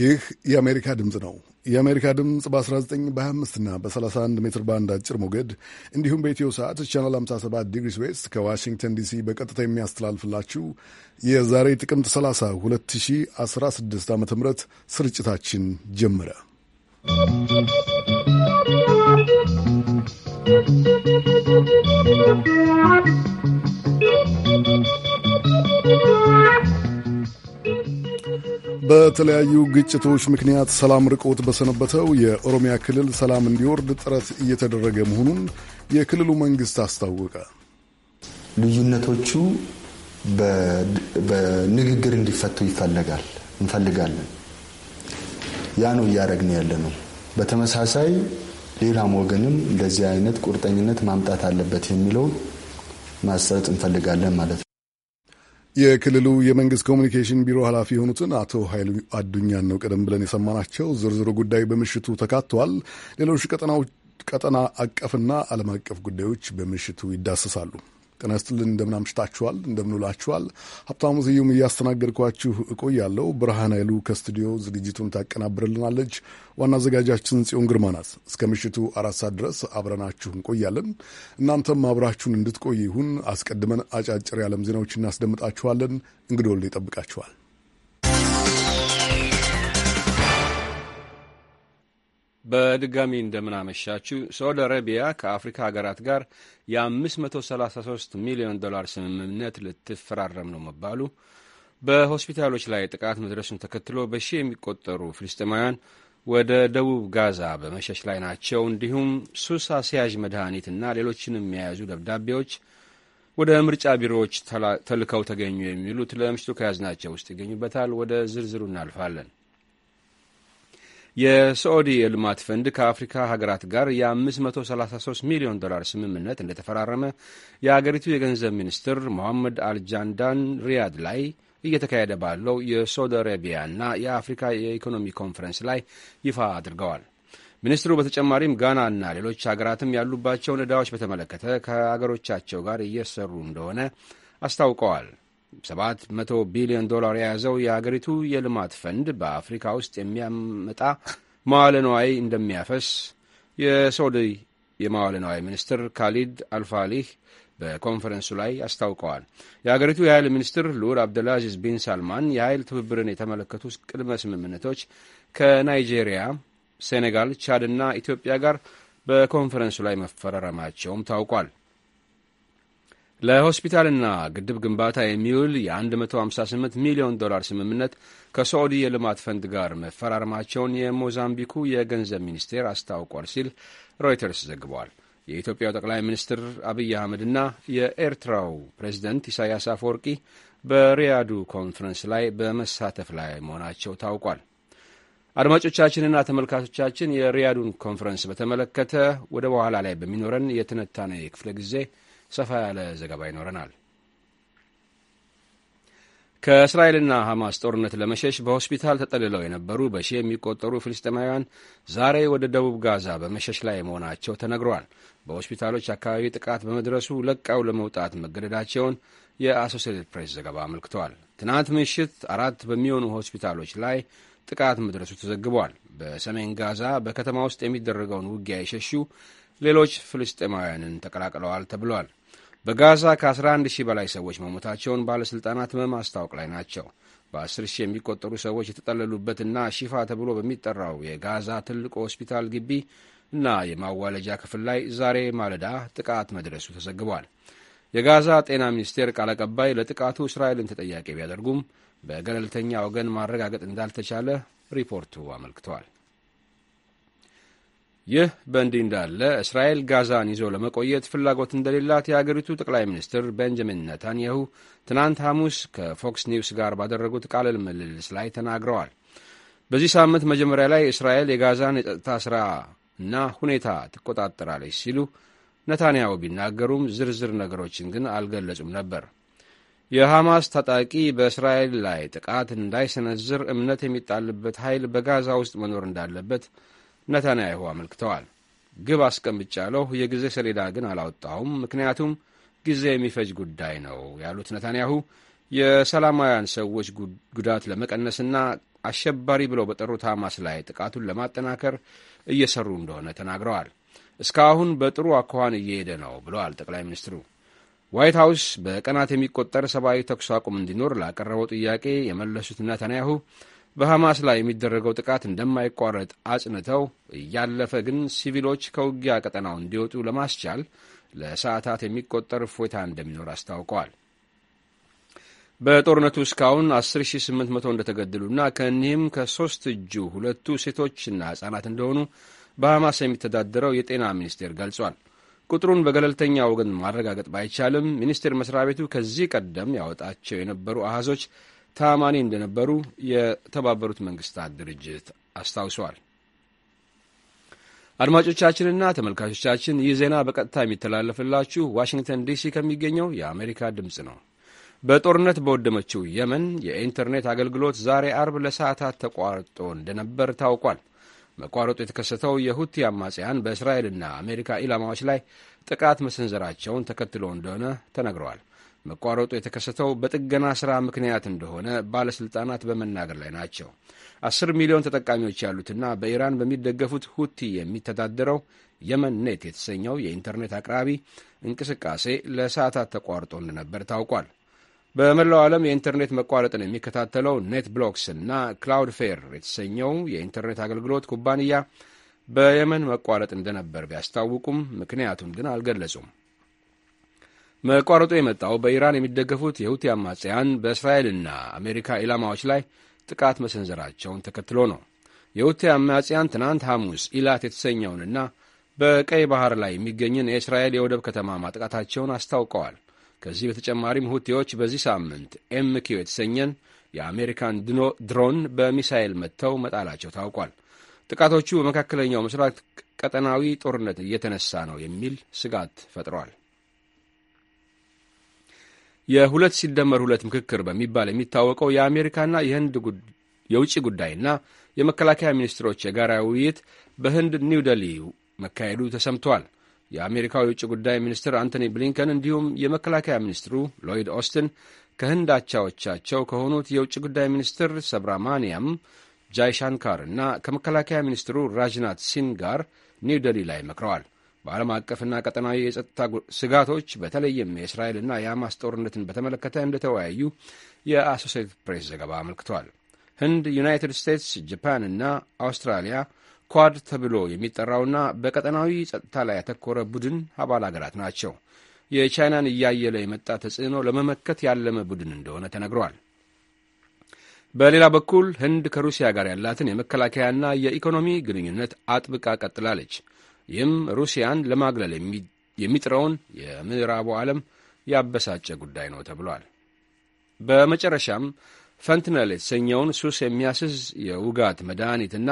ይህ የአሜሪካ ድምፅ ነው። የአሜሪካ ድምፅ በ19 በ25 እና በ31 ሜትር ባንድ አጭር ሞገድ እንዲሁም በኢትዮ ሰዓት ቻናል 57 ዲግሪስ ዌስት ከዋሽንግተን ዲሲ በቀጥታ የሚያስተላልፍላችሁ የዛሬ ጥቅምት 30 2016 ዓ ም ስርጭታችን ጀመረ። በተለያዩ ግጭቶች ምክንያት ሰላም ርቆት በሰነበተው የኦሮሚያ ክልል ሰላም እንዲወርድ ጥረት እየተደረገ መሆኑን የክልሉ መንግስት አስታወቀ። ልዩነቶቹ በንግግር እንዲፈቱ ይፈለጋል እንፈልጋለን። ያ ነው እያደረግን ያለ ነው። በተመሳሳይ ሌላም ወገንም እንደዚህ አይነት ቁርጠኝነት ማምጣት አለበት የሚለው ማስረጽ እንፈልጋለን ማለት ነው። የክልሉ የመንግስት ኮሚኒኬሽን ቢሮ ኃላፊ የሆኑትን አቶ ኃይሉ አዱኛን ነው ቀደም ብለን የሰማናቸው። ዝርዝሩ ጉዳይ በምሽቱ ተካተዋል። ሌሎች ቀጠና አቀፍና ዓለም አቀፍ ጉዳዮች በምሽቱ ይዳሰሳሉ። ጤና ይስጥልን። እንደምን አምሽታችኋል? እንደምን ውላችኋል? ሀብታሙ ስዩም እያስተናገድኳችሁ እቆያለሁ። ብርሃን ኃይሉ ከስቱዲዮ ዝግጅቱን ታቀናብርልናለች። ዋና አዘጋጃችን ጽዮን ግርማ ናት። እስከ ምሽቱ አራት ሰዓት ድረስ አብረናችሁ እንቆያለን። እናንተም አብራችሁን እንድትቆይ ይሁን። አስቀድመን አጫጭር የዓለም ዜናዎች እናስደምጣችኋለን። እንግዶል ይጠብቃችኋል። በድጋሚ እንደምናመሻችሁ ሳውዲ አረቢያ ከአፍሪካ ሀገራት ጋር የ533 ሚሊዮን ዶላር ስምምነት ልትፈራረም ነው መባሉ፣ በሆስፒታሎች ላይ ጥቃት መድረሱን ተከትሎ በሺ የሚቆጠሩ ፍልስጤማውያን ወደ ደቡብ ጋዛ በመሸሽ ላይ ናቸው፣ እንዲሁም ሱስ አስያዥ መድኃኒትና ሌሎችንም የያዙ ደብዳቤዎች ወደ ምርጫ ቢሮዎች ተልከው ተገኙ የሚሉት ለምሽቱ ከያዝናቸው ውስጥ ይገኙበታል። ወደ ዝርዝሩ እናልፋለን። የሳዑዲ የልማት ፈንድ ከአፍሪካ ሀገራት ጋር የ533 ሚሊዮን ዶላር ስምምነት እንደተፈራረመ የአገሪቱ የገንዘብ ሚኒስትር ሞሐመድ አልጃንዳን ሪያድ ላይ እየተካሄደ ባለው አረቢያ አረቢያና የአፍሪካ የኢኮኖሚ ኮንፈረንስ ላይ ይፋ አድርገዋል። ሚኒስትሩ በተጨማሪም ጋናና ሌሎች ሀገራትም ያሉባቸውን ዕዳዎች በተመለከተ ከሀገሮቻቸው ጋር እየሰሩ እንደሆነ አስታውቀዋል። 700 ቢሊዮን ዶላር የያዘው የአገሪቱ የልማት ፈንድ በአፍሪካ ውስጥ የሚያመጣ መዋለ ነዋይ እንደሚያፈስ የሳዑዲ የመዋለ ነዋይ ሚኒስትር ካሊድ አልፋሊህ በኮንፈረንሱ ላይ አስታውቀዋል። የአገሪቱ የኃይል ሚኒስትር ልዑል አብደልአዚዝ ቢን ሳልማን የኃይል ትብብርን የተመለከቱ ቅድመ ስምምነቶች ከናይጄሪያ፣ ሴኔጋል፣ ቻድና ኢትዮጵያ ጋር በኮንፈረንሱ ላይ መፈራረማቸውም ታውቋል። ለሆስፒታልና ግድብ ግንባታ የሚውል የ158 ሚሊዮን ዶላር ስምምነት ከሳዑዲ የልማት ፈንድ ጋር መፈራረማቸውን የሞዛምቢኩ የገንዘብ ሚኒስቴር አስታውቋል ሲል ሮይተርስ ዘግቧል። የኢትዮጵያው ጠቅላይ ሚኒስትር አብይ አህመድና የኤርትራው ፕሬዚደንት ኢሳያስ አፈወርቂ በሪያዱ ኮንፈረንስ ላይ በመሳተፍ ላይ መሆናቸው ታውቋል። አድማጮቻችንና ተመልካቾቻችን የሪያዱን ኮንፈረንስ በተመለከተ ወደ በኋላ ላይ በሚኖረን የትንታኔ ክፍለ ጊዜ ሰፋ ያለ ዘገባ ይኖረናል። ከእስራኤልና ሐማስ ጦርነት ለመሸሽ በሆስፒታል ተጠልለው የነበሩ በሺ የሚቆጠሩ ፍልስጤማውያን ዛሬ ወደ ደቡብ ጋዛ በመሸሽ ላይ መሆናቸው ተነግሯል። በሆስፒታሎች አካባቢ ጥቃት በመድረሱ ለቀው ለመውጣት መገደዳቸውን የአሶሴትድ ፕሬስ ዘገባ አመልክተዋል። ትናንት ምሽት አራት በሚሆኑ ሆስፒታሎች ላይ ጥቃት መድረሱ ተዘግቧል። በሰሜን ጋዛ በከተማ ውስጥ የሚደረገውን ውጊያ የሸሹ ሌሎች ፍልስጤማውያንን ተቀላቅለዋል ተብሏል። በጋዛ ከ11 ሺህ በላይ ሰዎች መሞታቸውን ባለሥልጣናት በማስታወቅ ላይ ናቸው። በ10 ሺህ የሚቆጠሩ ሰዎች የተጠለሉበትና ሺፋ ተብሎ በሚጠራው የጋዛ ትልቁ ሆስፒታል ግቢ እና የማዋለጃ ክፍል ላይ ዛሬ ማለዳ ጥቃት መድረሱ ተዘግቧል። የጋዛ ጤና ሚኒስቴር ቃል አቀባይ ለጥቃቱ እስራኤልን ተጠያቂ ቢያደርጉም በገለልተኛ ወገን ማረጋገጥ እንዳልተቻለ ሪፖርቱ አመልክቷል። ይህ በእንዲህ እንዳለ እስራኤል ጋዛን ይዞ ለመቆየት ፍላጎት እንደሌላት የአገሪቱ ጠቅላይ ሚኒስትር ቤንጃሚን ነታንያሁ ትናንት ሐሙስ ከፎክስ ኒውስ ጋር ባደረጉት ቃለ ምልልስ ላይ ተናግረዋል። በዚህ ሳምንት መጀመሪያ ላይ እስራኤል የጋዛን የጸጥታ ሥራ እና ሁኔታ ትቆጣጠራለች ሲሉ ነታንያሁ ቢናገሩም ዝርዝር ነገሮችን ግን አልገለጹም ነበር። የሐማስ ታጣቂ በእስራኤል ላይ ጥቃት እንዳይሰነዝር እምነት የሚጣልበት ኃይል በጋዛ ውስጥ መኖር እንዳለበት ነታንያሁ አመልክተዋል። ግብ አስቀምጫለሁ፣ የጊዜ ሰሌዳ ግን አላወጣሁም፣ ምክንያቱም ጊዜ የሚፈጅ ጉዳይ ነው ያሉት ነታንያሁ የሰላማውያን ሰዎች ጉዳት ለመቀነስና አሸባሪ ብለው በጠሩት ሐማስ ላይ ጥቃቱን ለማጠናከር እየሰሩ እንደሆነ ተናግረዋል። እስካሁን በጥሩ አኳኋን እየሄደ ነው ብለዋል ጠቅላይ ሚኒስትሩ። ዋይት ሀውስ በቀናት የሚቆጠር ሰብአዊ ተኩስ አቁም እንዲኖር ላቀረበው ጥያቄ የመለሱት ነታንያሁ በሐማስ ላይ የሚደረገው ጥቃት እንደማይቋረጥ አጽንተው እያለፈ ግን ሲቪሎች ከውጊያ ቀጠናው እንዲወጡ ለማስቻል ለሰዓታት የሚቆጠር እፎይታ እንደሚኖር አስታውቀዋል። በጦርነቱ እስካሁን 10800 እንደተገደሉና ከእኒህም ከሦስት እጁ ሁለቱ ሴቶችና ሕፃናት እንደሆኑ በሐማስ የሚተዳደረው የጤና ሚኒስቴር ገልጿል። ቁጥሩን በገለልተኛ ወገን ማረጋገጥ ባይቻልም ሚኒስቴር መስሪያ ቤቱ ከዚህ ቀደም ያወጣቸው የነበሩ አሃዞች ታማኒ እንደነበሩ የተባበሩት መንግስታት ድርጅት አስታውሷል። አድማጮቻችንና ተመልካቾቻችን ይህ ዜና በቀጥታ የሚተላለፍላችሁ ዋሽንግተን ዲሲ ከሚገኘው የአሜሪካ ድምፅ ነው። በጦርነት በወደመችው የመን የኢንተርኔት አገልግሎት ዛሬ አርብ ለሰዓታት ተቋርጦ እንደነበር ታውቋል። መቋረጡ የተከሰተው የሁቲ አማጽያን በእስራኤልና አሜሪካ ኢላማዎች ላይ ጥቃት መሰንዘራቸውን ተከትሎ እንደሆነ ተነግረዋል። መቋረጡ የተከሰተው በጥገና ሥራ ምክንያት እንደሆነ ባለሥልጣናት በመናገር ላይ ናቸው። አስር ሚሊዮን ተጠቃሚዎች ያሉትና በኢራን በሚደገፉት ሁቲ የሚተዳደረው የመን ኔት የተሰኘው የኢንተርኔት አቅራቢ እንቅስቃሴ ለሰዓታት ተቋርጦ እንደነበር ታውቋል። በመላው ዓለም የኢንተርኔት መቋረጥን የሚከታተለው ኔት ብሎክስ እና ክላውድ ፌር የተሰኘው የኢንተርኔት አገልግሎት ኩባንያ በየመን መቋረጥ እንደነበር ቢያስታውቁም ምክንያቱን ግን አልገለጹም። መቋረጡ የመጣው በኢራን የሚደገፉት የሁቲ አማጽያን በእስራኤልና አሜሪካ ኢላማዎች ላይ ጥቃት መሰንዘራቸውን ተከትሎ ነው። የሁቲ አማጽያን ትናንት ሐሙስ ኢላት የተሰኘውንና በቀይ ባህር ላይ የሚገኝን የእስራኤል የወደብ ከተማ ማጥቃታቸውን አስታውቀዋል። ከዚህ በተጨማሪም ሁቲዎች በዚህ ሳምንት ኤምኪው የተሰኘን የአሜሪካን ድሮን በሚሳኤል መጥተው መጣላቸው ታውቋል። ጥቃቶቹ በመካከለኛው ምስራቅ ቀጠናዊ ጦርነት እየተነሳ ነው የሚል ስጋት ፈጥሯል። የሁለት ሲደመር ሁለት ምክክር በሚባል የሚታወቀው የአሜሪካና የህንድ የውጭ ጉዳይና የመከላከያ ሚኒስትሮች የጋራ ውይይት በህንድ ኒው ደሊ መካሄዱ ተሰምቷል። የአሜሪካው የውጭ ጉዳይ ሚኒስትር አንቶኒ ብሊንከን እንዲሁም የመከላከያ ሚኒስትሩ ሎይድ ኦስትን ከህንድ አቻዎቻቸው ከሆኑት የውጭ ጉዳይ ሚኒስትር ሰብራማንያም ጃይሻንካር እና ከመከላከያ ሚኒስትሩ ራጅናት ሲን ጋር ኒው ደሊ ላይ መክረዋል። በዓለም አቀፍና ቀጠናዊ የጸጥታ ስጋቶች በተለይም የእስራኤልና የሐማስ ጦርነትን በተመለከተ እንደተወያዩ የአሶሴትድ ፕሬስ ዘገባ አመልክቷል። ህንድ፣ ዩናይትድ ስቴትስ፣ ጃፓን እና አውስትራሊያ ኳድ ተብሎ የሚጠራውና በቀጠናዊ ጸጥታ ላይ ያተኮረ ቡድን አባል አገራት ናቸው። የቻይናን እያየለ የመጣ ተጽዕኖ ለመመከት ያለመ ቡድን እንደሆነ ተነግሯል። በሌላ በኩል ህንድ ከሩሲያ ጋር ያላትን የመከላከያና የኢኮኖሚ ግንኙነት አጥብቃ ቀጥላለች። ይህም ሩሲያን ለማግለል የሚጥረውን የምዕራቡ ዓለም ያበሳጨ ጉዳይ ነው ተብሏል። በመጨረሻም ፈንትነል የተሰኘውን ሱስ የሚያስዝ የውጋት መድኃኒትና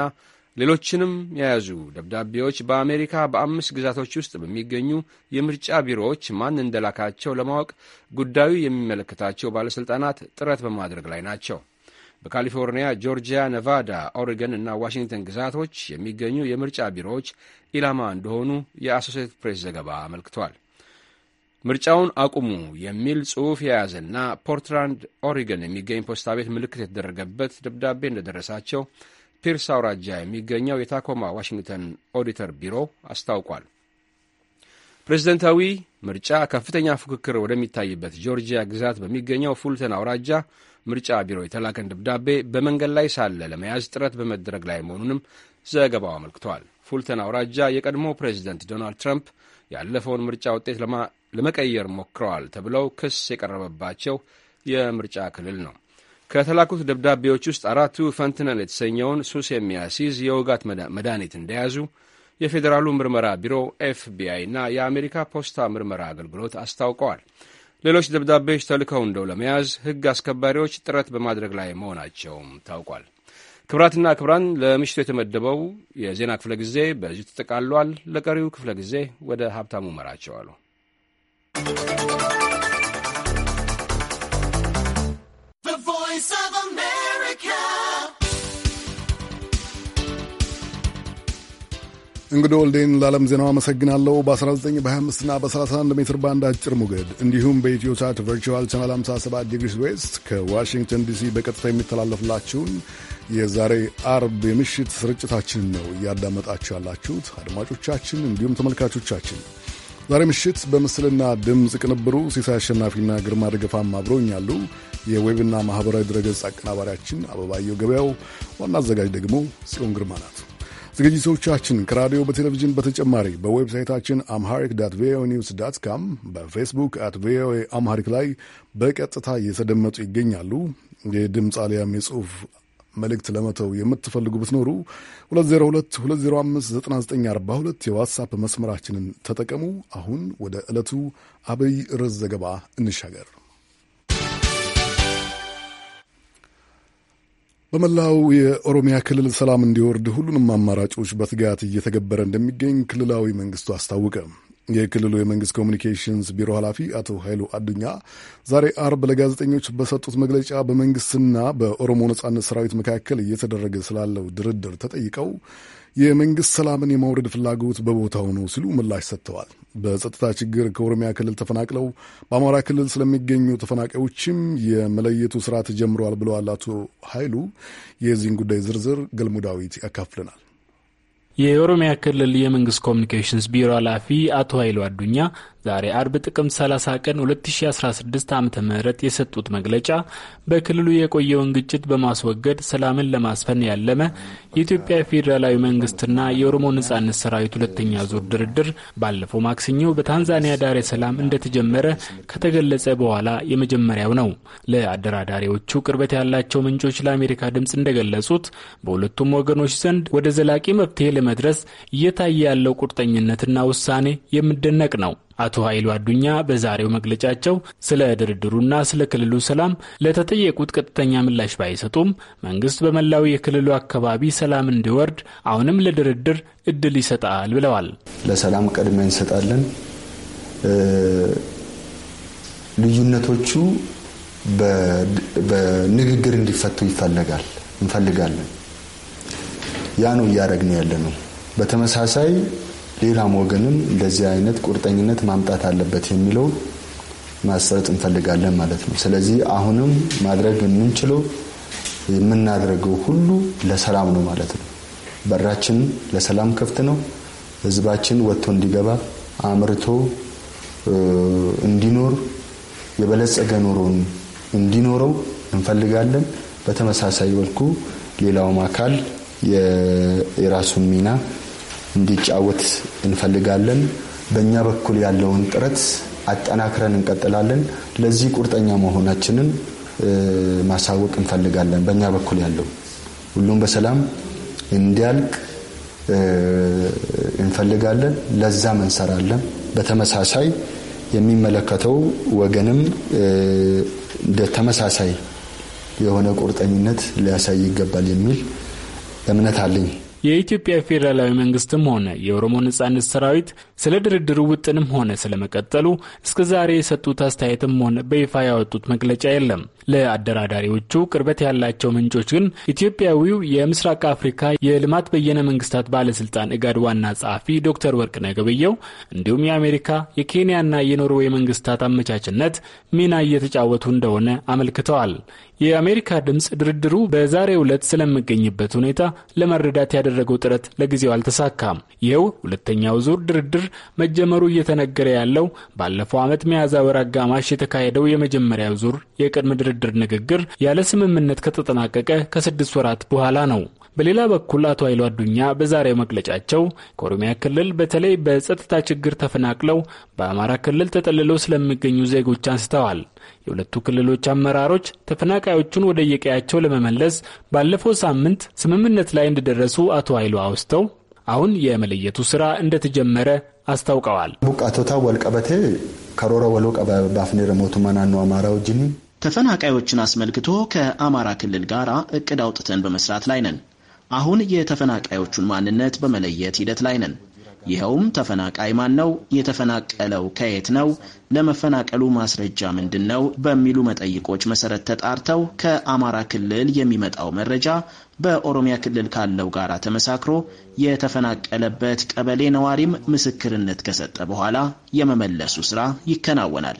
ሌሎችንም የያዙ ደብዳቤዎች በአሜሪካ በአምስት ግዛቶች ውስጥ በሚገኙ የምርጫ ቢሮዎች ማን እንደላካቸው ለማወቅ ጉዳዩ የሚመለከታቸው ባለሥልጣናት ጥረት በማድረግ ላይ ናቸው። በካሊፎርኒያ፣ ጆርጂያ፣ ነቫዳ፣ ኦሪገን እና ዋሽንግተን ግዛቶች የሚገኙ የምርጫ ቢሮዎች ኢላማ እንደሆኑ የአሶሴትድ ፕሬስ ዘገባ አመልክቷል። ምርጫውን አቁሙ የሚል ጽሑፍ የያዘና ፖርትላንድ ኦሪገን የሚገኝ ፖስታ ቤት ምልክት የተደረገበት ደብዳቤ እንደደረሳቸው ፒርስ አውራጃ የሚገኘው የታኮማ ዋሽንግተን ኦዲተር ቢሮ አስታውቋል። ፕሬዝደንታዊ ምርጫ ከፍተኛ ፉክክር ወደሚታይበት ጆርጂያ ግዛት በሚገኘው ፉልተን አውራጃ ምርጫ ቢሮ የተላከን ደብዳቤ በመንገድ ላይ ሳለ ለመያዝ ጥረት በመደረግ ላይ መሆኑንም ዘገባው አመልክቷል። ፉልተን አውራጃ የቀድሞ ፕሬዚደንት ዶናልድ ትራምፕ ያለፈውን ምርጫ ውጤት ለመቀየር ሞክረዋል ተብለው ክስ የቀረበባቸው የምርጫ ክልል ነው። ከተላኩት ደብዳቤዎች ውስጥ አራቱ ፈንትነል የተሰኘውን ሱስ የሚያስይዝ የውጋት መድኃኒት እንደያዙ የፌዴራሉ ምርመራ ቢሮ ኤፍቢአይ እና የአሜሪካ ፖስታ ምርመራ አገልግሎት አስታውቀዋል። ሌሎች ደብዳቤዎች ተልከው እንደው ለመያዝ ሕግ አስከባሪዎች ጥረት በማድረግ ላይ መሆናቸውም ታውቋል። ክብራትና ክብራን ለምሽቱ የተመደበው የዜና ክፍለ ጊዜ በዚሁ ተጠቃሏል። ለቀሪው ክፍለ ጊዜ ወደ ሀብታሙ መራቸው አሉ። እንግዲህ ወልዴን ለዓለም ዜናው አመሰግናለሁ። በ19 በ25 በ31 ሜትር ባንድ አጭር ሞገድ እንዲሁም በኢትዮ ሳት ቨርቹዋል ቻናል 57 ዲግሪስ ዌስት ከዋሽንግተን ዲሲ በቀጥታ የሚተላለፍላችሁን የዛሬ አርብ የምሽት ስርጭታችን ነው እያዳመጣችሁ ያላችሁት አድማጮቻችን፣ እንዲሁም ተመልካቾቻችን። ዛሬ ምሽት በምስልና ድምፅ ቅንብሩ ሲሳይ አሸናፊና ግርማ ደገፋም አብረውኛሉ። የዌብና ማኅበራዊ ድረገጽ አቀናባሪያችን አበባየው ገበያው፣ ዋና አዘጋጅ ደግሞ ጽዮን ግርማ ናት። ዝግጅቶቻችን ከራዲዮ በቴሌቪዥን በተጨማሪ በዌብሳይታችን አምሃሪክ ዳት ቪኦኤ ኒውስ ዳት ካም በፌስቡክ አት ቪኦኤ አምሃሪክ ላይ በቀጥታ እየተደመጡ ይገኛሉ። የድምፅ አሊያም የጽሁፍ መልእክት ለመተው የምትፈልጉ ብትኖሩ 2022059942 የዋትሳፕ መስመራችንን ተጠቀሙ። አሁን ወደ ዕለቱ አብይ ርዕስ ዘገባ እንሻገር። በመላው የኦሮሚያ ክልል ሰላም እንዲወርድ ሁሉንም አማራጮች በትጋት እየተገበረ እንደሚገኝ ክልላዊ መንግስቱ አስታወቀ። የክልሉ የመንግስት ኮሚኒኬሽንስ ቢሮ ኃላፊ አቶ ኃይሉ አዱኛ ዛሬ አርብ ለጋዜጠኞች በሰጡት መግለጫ በመንግስትና በኦሮሞ ነጻነት ሰራዊት መካከል እየተደረገ ስላለው ድርድር ተጠይቀው የመንግስት ሰላምን የማውረድ ፍላጎት በቦታው ነው ሲሉ ምላሽ ሰጥተዋል። በጸጥታ ችግር ከኦሮሚያ ክልል ተፈናቅለው በአማራ ክልል ስለሚገኙ ተፈናቃዮችም የመለየቱ ስራ ተጀምረዋል ብለዋል አቶ ኃይሉ። የዚህን ጉዳይ ዝርዝር ገልሞ ዳዊት ያካፍልናል። የኦሮሚያ ክልል የመንግስት ኮሚኒኬሽንስ ቢሮ ኃላፊ አቶ ኃይሉ አዱኛ ዛሬ አርብ ጥቅምት 30 ቀን 2016 ዓ ም የሰጡት መግለጫ በክልሉ የቆየውን ግጭት በማስወገድ ሰላምን ለማስፈን ያለመ የኢትዮጵያ ፌዴራላዊ መንግስትና የኦሮሞ ነጻነት ሰራዊት ሁለተኛ ዙር ድርድር ባለፈው ማክሰኞ በታንዛኒያ ዳሬ ሰላም እንደተጀመረ ከተገለጸ በኋላ የመጀመሪያው ነው። ለአደራዳሪዎቹ ቅርበት ያላቸው ምንጮች ለአሜሪካ ድምፅ እንደገለጹት በሁለቱም ወገኖች ዘንድ ወደ ዘላቂ መፍትሄ ለመድረስ እየታየ ያለው ቁርጠኝነትና ውሳኔ የሚደነቅ ነው። አቶ ኃይሉ አዱኛ በዛሬው መግለጫቸው ስለ ድርድሩና ስለ ክልሉ ሰላም ለተጠየቁት ቀጥተኛ ምላሽ ባይሰጡም መንግስት በመላው የክልሉ አካባቢ ሰላም እንዲወርድ አሁንም ለድርድር እድል ይሰጣል ብለዋል። ለሰላም ቅድሚያ እንሰጣለን። ልዩነቶቹ በንግግር እንዲፈቱ ይፈልጋል እንፈልጋለን ያ ነው እያደረግን ያለ ነው። በተመሳሳይ ሌላም ወገንም እንደዚህ አይነት ቁርጠኝነት ማምጣት አለበት የሚለው ማስረጥ እንፈልጋለን ማለት ነው። ስለዚህ አሁንም ማድረግ የምንችለው የምናደርገው ሁሉ ለሰላም ነው ማለት ነው። በራችን ለሰላም ክፍት ነው። ህዝባችን ወጥቶ እንዲገባ አምርቶ እንዲኖር የበለጸገ ኑሮን እንዲኖረው እንፈልጋለን። በተመሳሳይ መልኩ ሌላውም አካል የራሱን ሚና እንዲጫወት እንፈልጋለን። በእኛ በኩል ያለውን ጥረት አጠናክረን እንቀጥላለን። ለዚህ ቁርጠኛ መሆናችንን ማሳወቅ እንፈልጋለን። በእኛ በኩል ያለው ሁሉም በሰላም እንዲያልቅ እንፈልጋለን። ለዛም እንሰራለን። በተመሳሳይ የሚመለከተው ወገንም እንደ ተመሳሳይ የሆነ ቁርጠኝነት ሊያሳይ ይገባል የሚል እምነት አለኝ። የኢትዮጵያ ፌዴራላዊ መንግስትም ሆነ የኦሮሞ ነጻነት ሰራዊት ስለ ድርድሩ ውጥንም ሆነ ስለመቀጠሉ እስከ ዛሬ የሰጡት አስተያየትም ሆነ በይፋ ያወጡት መግለጫ የለም። ለአደራዳሪዎቹ ቅርበት ያላቸው ምንጮች ግን ኢትዮጵያዊው የምስራቅ አፍሪካ የልማት በየነ መንግስታት ባለስልጣን እጋድ ዋና ጸሐፊ ዶክተር ወርቅነህ ገበየሁ እንዲሁም የአሜሪካ የኬንያና የኖርዌይ መንግስታት አመቻችነት ሚና እየተጫወቱ እንደሆነ አመልክተዋል። የአሜሪካ ድምፅ ድርድሩ በዛሬው ዕለት ስለሚገኝበት ሁኔታ ለመረዳት ያደረገው ጥረት ለጊዜው አልተሳካም። ይኸው ሁለተኛው ዙር ድርድር መጀመሩ እየተነገረ ያለው ባለፈው ዓመት ሚያዝያ ወር አጋማሽ የተካሄደው የመጀመሪያው ዙር የቅድመ ድርድር ንግግር ያለ ስምምነት ከተጠናቀቀ ከስድስት ወራት በኋላ ነው። በሌላ በኩል አቶ ኃይሉ አዱኛ በዛሬው መግለጫቸው ከኦሮሚያ ክልል በተለይ በጸጥታ ችግር ተፈናቅለው በአማራ ክልል ተጠልለው ስለሚገኙ ዜጎች አንስተዋል። የሁለቱ ክልሎች አመራሮች ተፈናቃዮቹን ወደ የቀያቸው ለመመለስ ባለፈው ሳምንት ስምምነት ላይ እንደደረሱ አቶ ኃይሉ አውስተው አሁን የመለየቱ ስራ እንደተጀመረ አስታውቀዋል። ቡቃቶታ ወልቀበቴ ከሮረ ወሎ ባፍኔረ መናኑ አማራው ጅኒ ተፈናቃዮችን አስመልክቶ ከአማራ ክልል ጋር እቅድ አውጥተን በመስራት ላይ ነን። አሁን የተፈናቃዮቹን ማንነት በመለየት ሂደት ላይ ነን። ይኸውም ተፈናቃይ ማን ነው፣ የተፈናቀለው ከየት ነው፣ ለመፈናቀሉ ማስረጃ ምንድን ነው በሚሉ መጠይቆች መሰረት ተጣርተው ከአማራ ክልል የሚመጣው መረጃ በኦሮሚያ ክልል ካለው ጋር ተመሳክሮ የተፈናቀለበት ቀበሌ ነዋሪም ምስክርነት ከሰጠ በኋላ የመመለሱ ስራ ይከናወናል።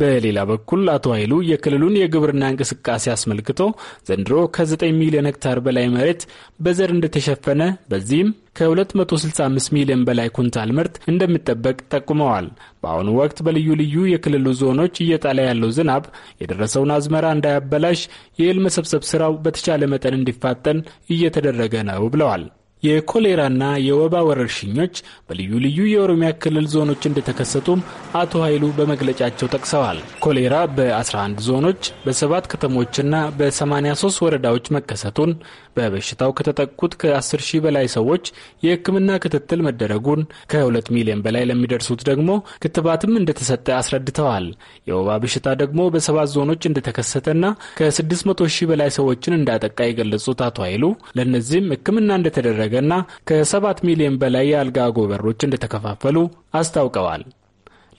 በሌላ በኩል አቶ ኃይሉ የክልሉን የግብርና እንቅስቃሴ አስመልክቶ ዘንድሮ ከ9 ሚሊዮን ሄክታር በላይ መሬት በዘር እንደተሸፈነ በዚህም ከ265 ሚሊዮን በላይ ኩንታል ምርት እንደሚጠበቅ ጠቁመዋል። በአሁኑ ወቅት በልዩ ልዩ የክልሉ ዞኖች እየጣለ ያለው ዝናብ የደረሰውን አዝመራ እንዳያበላሽ የእህል መሰብሰብ ስራው በተቻለ መጠን እንዲፋጠን እየተደረገ ነው ብለዋል። የኮሌራና የወባ ወረርሽኞች በልዩ ልዩ የኦሮሚያ ክልል ዞኖች እንደተከሰቱም አቶ ኃይሉ በመግለጫቸው ጠቅሰዋል። ኮሌራ በ11 ዞኖች በሰባት ከተሞችና በ83 ወረዳዎች መከሰቱን በበሽታው ከተጠቁት ከ10 ሺህ በላይ ሰዎች የሕክምና ክትትል መደረጉን ከ2 ሚሊዮን በላይ ለሚደርሱት ደግሞ ክትባትም እንደተሰጠ አስረድተዋል። የወባ በሽታ ደግሞ በሰባት ዞኖች እንደተከሰተና ከ600 ሺህ በላይ ሰዎችን እንዳጠቃ የገለጹት አቶ ኃይሉ ለእነዚህም ሕክምና እንደተደረገ እንደተደረገና ከሰባት ሚሊዮን በላይ የአልጋ ጎበሮች እንደተከፋፈሉ አስታውቀዋል።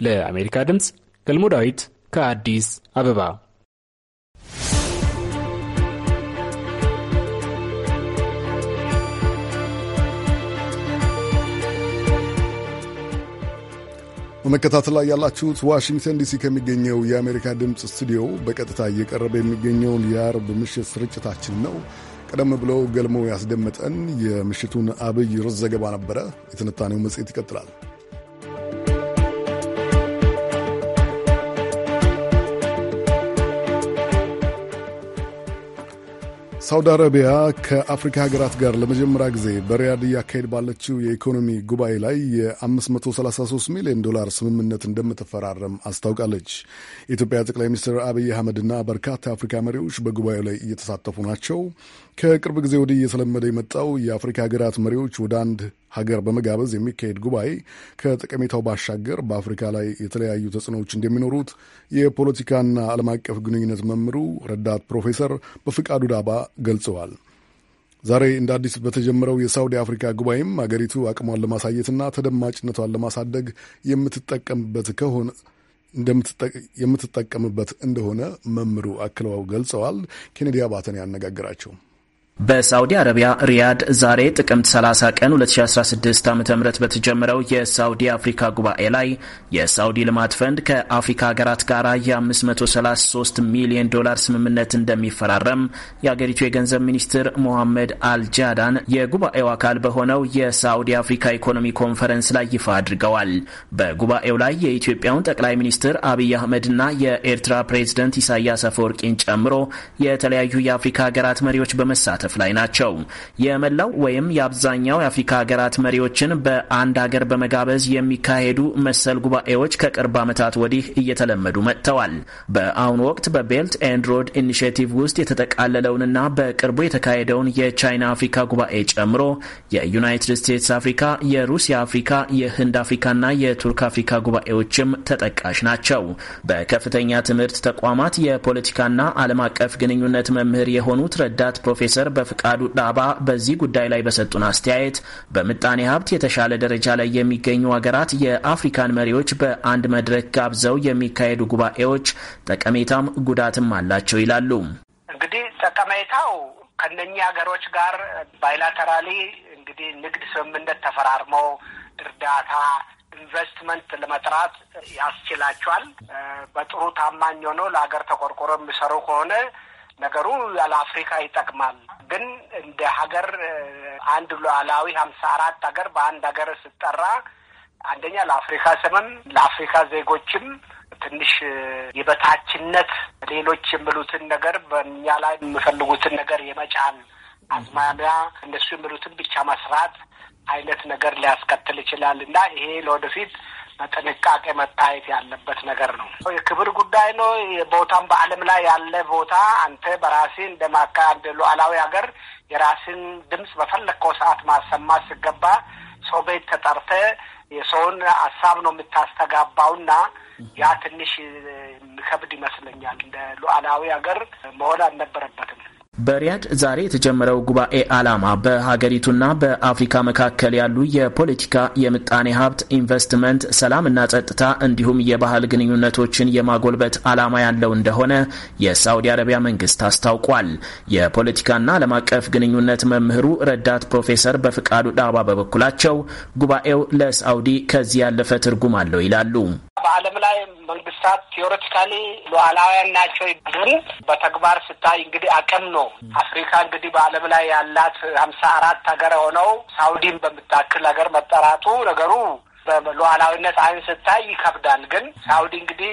ለአሜሪካ ድምፅ ገልሞ ዳዊት ከአዲስ አበባ። በመከታተል ላይ ያላችሁት ዋሽንግተን ዲሲ ከሚገኘው የአሜሪካ ድምፅ ስቱዲዮ በቀጥታ እየቀረበ የሚገኘውን የአርብ ምሽት ስርጭታችን ነው። ቀደም ብለው ገልሞ ያስደመጠን የምሽቱን አብይ ርዕስ ዘገባ ነበረ። የትንታኔው መጽሔት ይቀጥላል። ሳውዲ አረቢያ ከአፍሪካ ሀገራት ጋር ለመጀመሪያ ጊዜ በሪያድ እያካሄድ ባለችው የኢኮኖሚ ጉባኤ ላይ የ533 ሚሊዮን ዶላር ስምምነት እንደምትፈራረም አስታውቃለች። የኢትዮጵያ ጠቅላይ ሚኒስትር አብይ አህመድና በርካታ የአፍሪካ መሪዎች በጉባኤው ላይ እየተሳተፉ ናቸው። ከቅርብ ጊዜ ወዲህ እየተለመደ የመጣው የአፍሪካ ሀገራት መሪዎች ወደ አንድ ሀገር በመጋበዝ የሚካሄድ ጉባኤ ከጠቀሜታው ባሻገር በአፍሪካ ላይ የተለያዩ ተጽዕኖዎች እንደሚኖሩት የፖለቲካና ዓለም አቀፍ ግንኙነት መምህሩ ረዳት ፕሮፌሰር በፍቃዱ ዳባ ገልጸዋል። ዛሬ እንደ አዲስ በተጀመረው የሳውዲ አፍሪካ ጉባኤም አገሪቱ አቅሟን ለማሳየትና ተደማጭነቷን ለማሳደግ የምትጠቀምበት ከሆነ የምትጠቀምበት እንደሆነ መምሩ አክለው ገልጸዋል። ኬኔዲ አባተን ያነጋግራቸው በሳዑዲ አረቢያ ሪያድ ዛሬ ጥቅምት 30 ቀን 2016 ዓ ም በተጀመረው የሳዑዲ አፍሪካ ጉባኤ ላይ የሳዑዲ ልማት ፈንድ ከአፍሪካ ሀገራት ጋር የ533 ሚሊዮን ዶላር ስምምነት እንደሚፈራረም የአገሪቱ የገንዘብ ሚኒስትር ሞሐመድ አልጃዳን የጉባኤው አካል በሆነው የሳዑዲ አፍሪካ ኢኮኖሚ ኮንፈረንስ ላይ ይፋ አድርገዋል። በጉባኤው ላይ የኢትዮጵያውን ጠቅላይ ሚኒስትር አብይ አህመድና የኤርትራ ፕሬዝደንት ኢሳያስ አፈወርቂን ጨምሮ የተለያዩ የአፍሪካ ሀገራት መሪዎች በመሳተፍ በመደገፍ ላይ ናቸው። የመላው ወይም የአብዛኛው የአፍሪካ ሀገራት መሪዎችን በአንድ ሀገር በመጋበዝ የሚካሄዱ መሰል ጉባኤዎች ከቅርብ ዓመታት ወዲህ እየተለመዱ መጥተዋል። በአሁኑ ወቅት በቤልት ኤንድ ሮድ ኢኒሽቲቭ ውስጥ የተጠቃለለውንና በቅርቡ የተካሄደውን የቻይና አፍሪካ ጉባኤ ጨምሮ የዩናይትድ ስቴትስ አፍሪካ፣ የሩሲያ አፍሪካ፣ የህንድ አፍሪካና የቱርክ አፍሪካ ጉባኤዎችም ተጠቃሽ ናቸው። በከፍተኛ ትምህርት ተቋማት የፖለቲካና ዓለም አቀፍ ግንኙነት መምህር የሆኑት ረዳት ፕሮፌሰር በፍቃዱ ዳባ በዚህ ጉዳይ ላይ በሰጡን አስተያየት በምጣኔ ሀብት የተሻለ ደረጃ ላይ የሚገኙ ሀገራት የአፍሪካን መሪዎች በአንድ መድረክ ጋብዘው የሚካሄዱ ጉባኤዎች ጠቀሜታም ጉዳትም አላቸው ይላሉ። እንግዲህ ጠቀሜታው ከነኛ ሀገሮች ጋር ባይላተራሊ እንግዲህ ንግድ ስምምነት ተፈራርመው እርዳታ ኢንቨስትመንት ለመጥራት ያስችላቸዋል። በጥሩ ታማኝ ሆኖ ለሀገር ተቆርቆሮ የሚሰሩ ከሆነ ነገሩ ያለ አፍሪካ ይጠቅማል። ግን እንደ ሀገር አንድ ሉዓላዊ ሀምሳ አራት ሀገር በአንድ ሀገር ስጠራ አንደኛ ለአፍሪካ ስምም ለአፍሪካ ዜጎችም ትንሽ የበታችነት ሌሎች የሚሉትን ነገር በእኛ ላይ የሚፈልጉትን ነገር የመጫን አዝማሚያ እነሱ የሚሉትን ብቻ መስራት አይነት ነገር ሊያስከትል ይችላል እና ይሄ ለወደፊት በጥንቃቄ መታየት ያለበት ነገር ነው። የክብር ጉዳይ ነው። ቦታም በዓለም ላይ ያለ ቦታ አንተ በራሴ እንደማካ እንደ ሉዓላዊ ሀገር የራስን ድምፅ በፈለግከው ሰዓት ማሰማት ሲገባ ሰው ቤት ተጠርተ የሰውን ሀሳብ ነው የምታስተጋባውና ያ ትንሽ ከብድ ይመስለኛል። እንደ ሉዓላዊ ሀገር መሆን አልነበረበትም። በሪያድ ዛሬ የተጀመረው ጉባኤ ዓላማ በሀገሪቱና በአፍሪካ መካከል ያሉ የፖለቲካ፣ የምጣኔ ሀብት፣ ኢንቨስትመንት፣ ሰላምና ጸጥታ እንዲሁም የባህል ግንኙነቶችን የማጎልበት ዓላማ ያለው እንደሆነ የሳውዲ አረቢያ መንግስት አስታውቋል። የፖለቲካና ዓለም አቀፍ ግንኙነት መምህሩ ረዳት ፕሮፌሰር በፍቃዱ ዳባ በበኩላቸው ጉባኤው ለሳውዲ ከዚህ ያለፈ ትርጉም አለው ይላሉ። በዓለም ላይ መንግስታት ቴዎሬቲካሊ ሉዓላውያን ናቸው፣ ግን በተግባር ስታይ እንግዲህ አቅም ነው። አፍሪካ እንግዲህ በዓለም ላይ ያላት ሀምሳ አራት ሀገር የሆነው ሳውዲን በምታክል ሀገር መጠራቱ ነገሩ በሉዓላዊነት አይን ስታይ ይከብዳል። ግን ሳውዲ እንግዲህ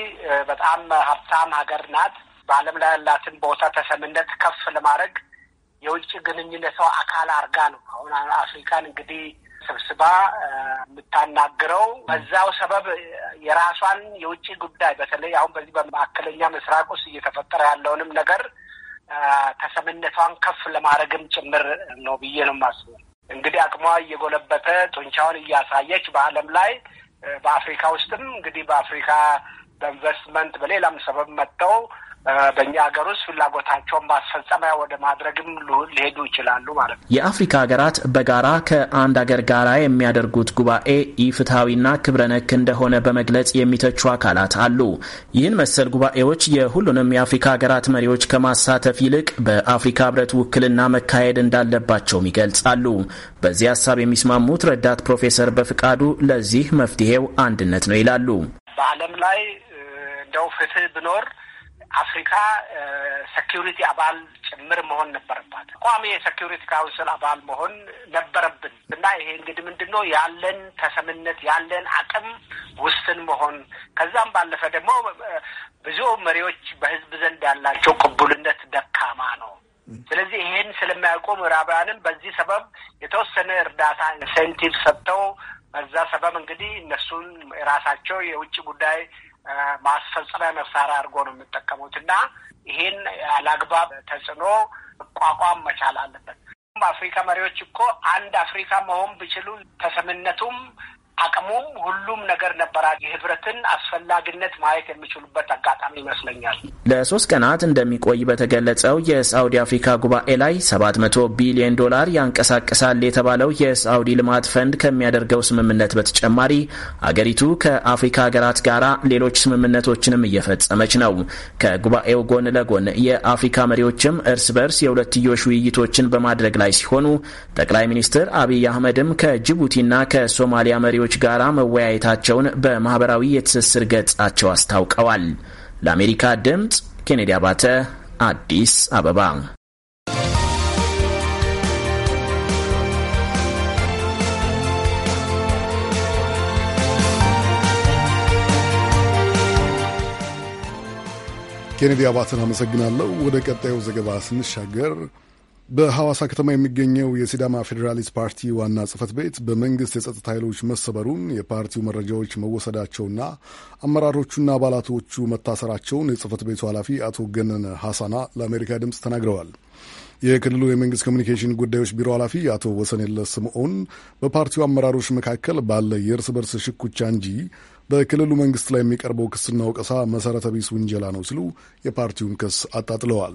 በጣም ሀብታም ሀገር ናት። በዓለም ላይ ያላትን ቦታ ተሰሚነት ከፍ ለማድረግ የውጭ ሰው አካል አርጋ ነው አሁን አፍሪካን እንግዲህ ስብስባ የምታናግረው በዛው ሰበብ የራሷን የውጭ ጉዳይ በተለይ አሁን በዚህ በመካከለኛ ምስራቅ ውስጥ እየተፈጠረ ያለውንም ነገር ተሰምነቷን ከፍ ለማድረግም ጭምር ነው ብዬ ነው የማስበው። እንግዲህ አቅሟ እየጎለበተ ጡንቻውን እያሳየች በዓለም ላይ በአፍሪካ ውስጥም እንግዲህ በአፍሪካ በኢንቨስትመንት በሌላም ሰበብ መጥተው በእኛ ሀገር ውስጥ ፍላጎታቸውን ማስፈጸሚያ ወደ ማድረግም ሊሄዱ ይችላሉ ማለት ነው። የአፍሪካ ሀገራት በጋራ ከአንድ ሀገር ጋራ የሚያደርጉት ጉባኤ ኢፍትሐዊና ክብረ ነክ እንደሆነ በመግለጽ የሚተቹ አካላት አሉ። ይህን መሰል ጉባኤዎች የሁሉንም የአፍሪካ ሀገራት መሪዎች ከማሳተፍ ይልቅ በአፍሪካ ህብረት ውክልና መካሄድ እንዳለባቸውም ይገልጻሉ። በዚህ ሀሳብ የሚስማሙት ረዳት ፕሮፌሰር በፍቃዱ ለዚህ መፍትሄው አንድነት ነው ይላሉ። በዓለም ላይ እንደው ፍትህ ብኖር አፍሪካ ሴኪሪቲ አባል ጭምር መሆን ነበረባት። ቋሚ የሴኪሪቲ ካውንስል አባል መሆን ነበረብን እና ይሄ እንግዲህ ምንድን ነው ያለን ተሰምነት ያለን አቅም ውስን መሆን፣ ከዛም ባለፈ ደግሞ ብዙ መሪዎች በህዝብ ዘንድ ያላቸው ቅቡልነት ደካማ ነው። ስለዚህ ይሄን ስለሚያውቁ ምዕራባውያንም በዚህ ሰበብ የተወሰነ እርዳታ ኢንሴንቲቭ ሰጥተው በዛ ሰበብ እንግዲህ እነሱን የራሳቸው የውጭ ጉዳይ ማስፈጸሚያ መሳሪያ አድርጎ ነው የምጠቀሙት እና ይህን አላግባብ ተጽዕኖ መቋቋም መቻል አለበት። አፍሪካ መሪዎች እኮ አንድ አፍሪካ መሆን ቢችሉ ተሰምነቱም አቅሙም ሁሉም ነገር ነበራ። የህብረትን አስፈላጊነት ማየት የሚችሉበት አጋጣሚ ይመስለኛል። ለሶስት ቀናት እንደሚቆይ በተገለጸው የሳውዲ አፍሪካ ጉባኤ ላይ 700 ቢሊዮን ዶላር ያንቀሳቅሳል የተባለው የሳውዲ ልማት ፈንድ ከሚያደርገው ስምምነት በተጨማሪ አገሪቱ ከአፍሪካ ሀገራት ጋር ሌሎች ስምምነቶችንም እየፈጸመች ነው። ከጉባኤው ጎን ለጎን የአፍሪካ መሪዎችም እርስ በርስ የሁለትዮሽ ውይይቶችን በማድረግ ላይ ሲሆኑ ጠቅላይ ሚኒስትር አብይ አህመድም ከጅቡቲና ከሶማሊያ መሪዎች ከመሪዎች ጋር መወያየታቸውን በማኅበራዊ የትስስር ገጻቸው አስታውቀዋል። ለአሜሪካ ድምፅ ኬኔዲ አባተ አዲስ አበባ። ኬኔዲ አባተን አመሰግናለሁ። ወደ ቀጣዩ ዘገባ ስንሻገር በሐዋሳ ከተማ የሚገኘው የሲዳማ ፌዴራሊስት ፓርቲ ዋና ጽህፈት ቤት በመንግስት የጸጥታ ኃይሎች መሰበሩን የፓርቲው መረጃዎች መወሰዳቸውና አመራሮቹና አባላቶቹ መታሰራቸውን የጽህፈት ቤቱ ኃላፊ አቶ ገነነ ሐሳና ለአሜሪካ ድምፅ ተናግረዋል። የክልሉ የመንግስት ኮሚኒኬሽን ጉዳዮች ቢሮ ኃላፊ አቶ ወሰንየለስ ስምዖን በፓርቲው አመራሮች መካከል ባለ የእርስ በርስ ሽኩቻ እንጂ በክልሉ መንግስት ላይ የሚቀርበው ክስና ወቀሳ መሰረተ ቢስ ውንጀላ ነው ሲሉ የፓርቲውን ክስ አጣጥለዋል።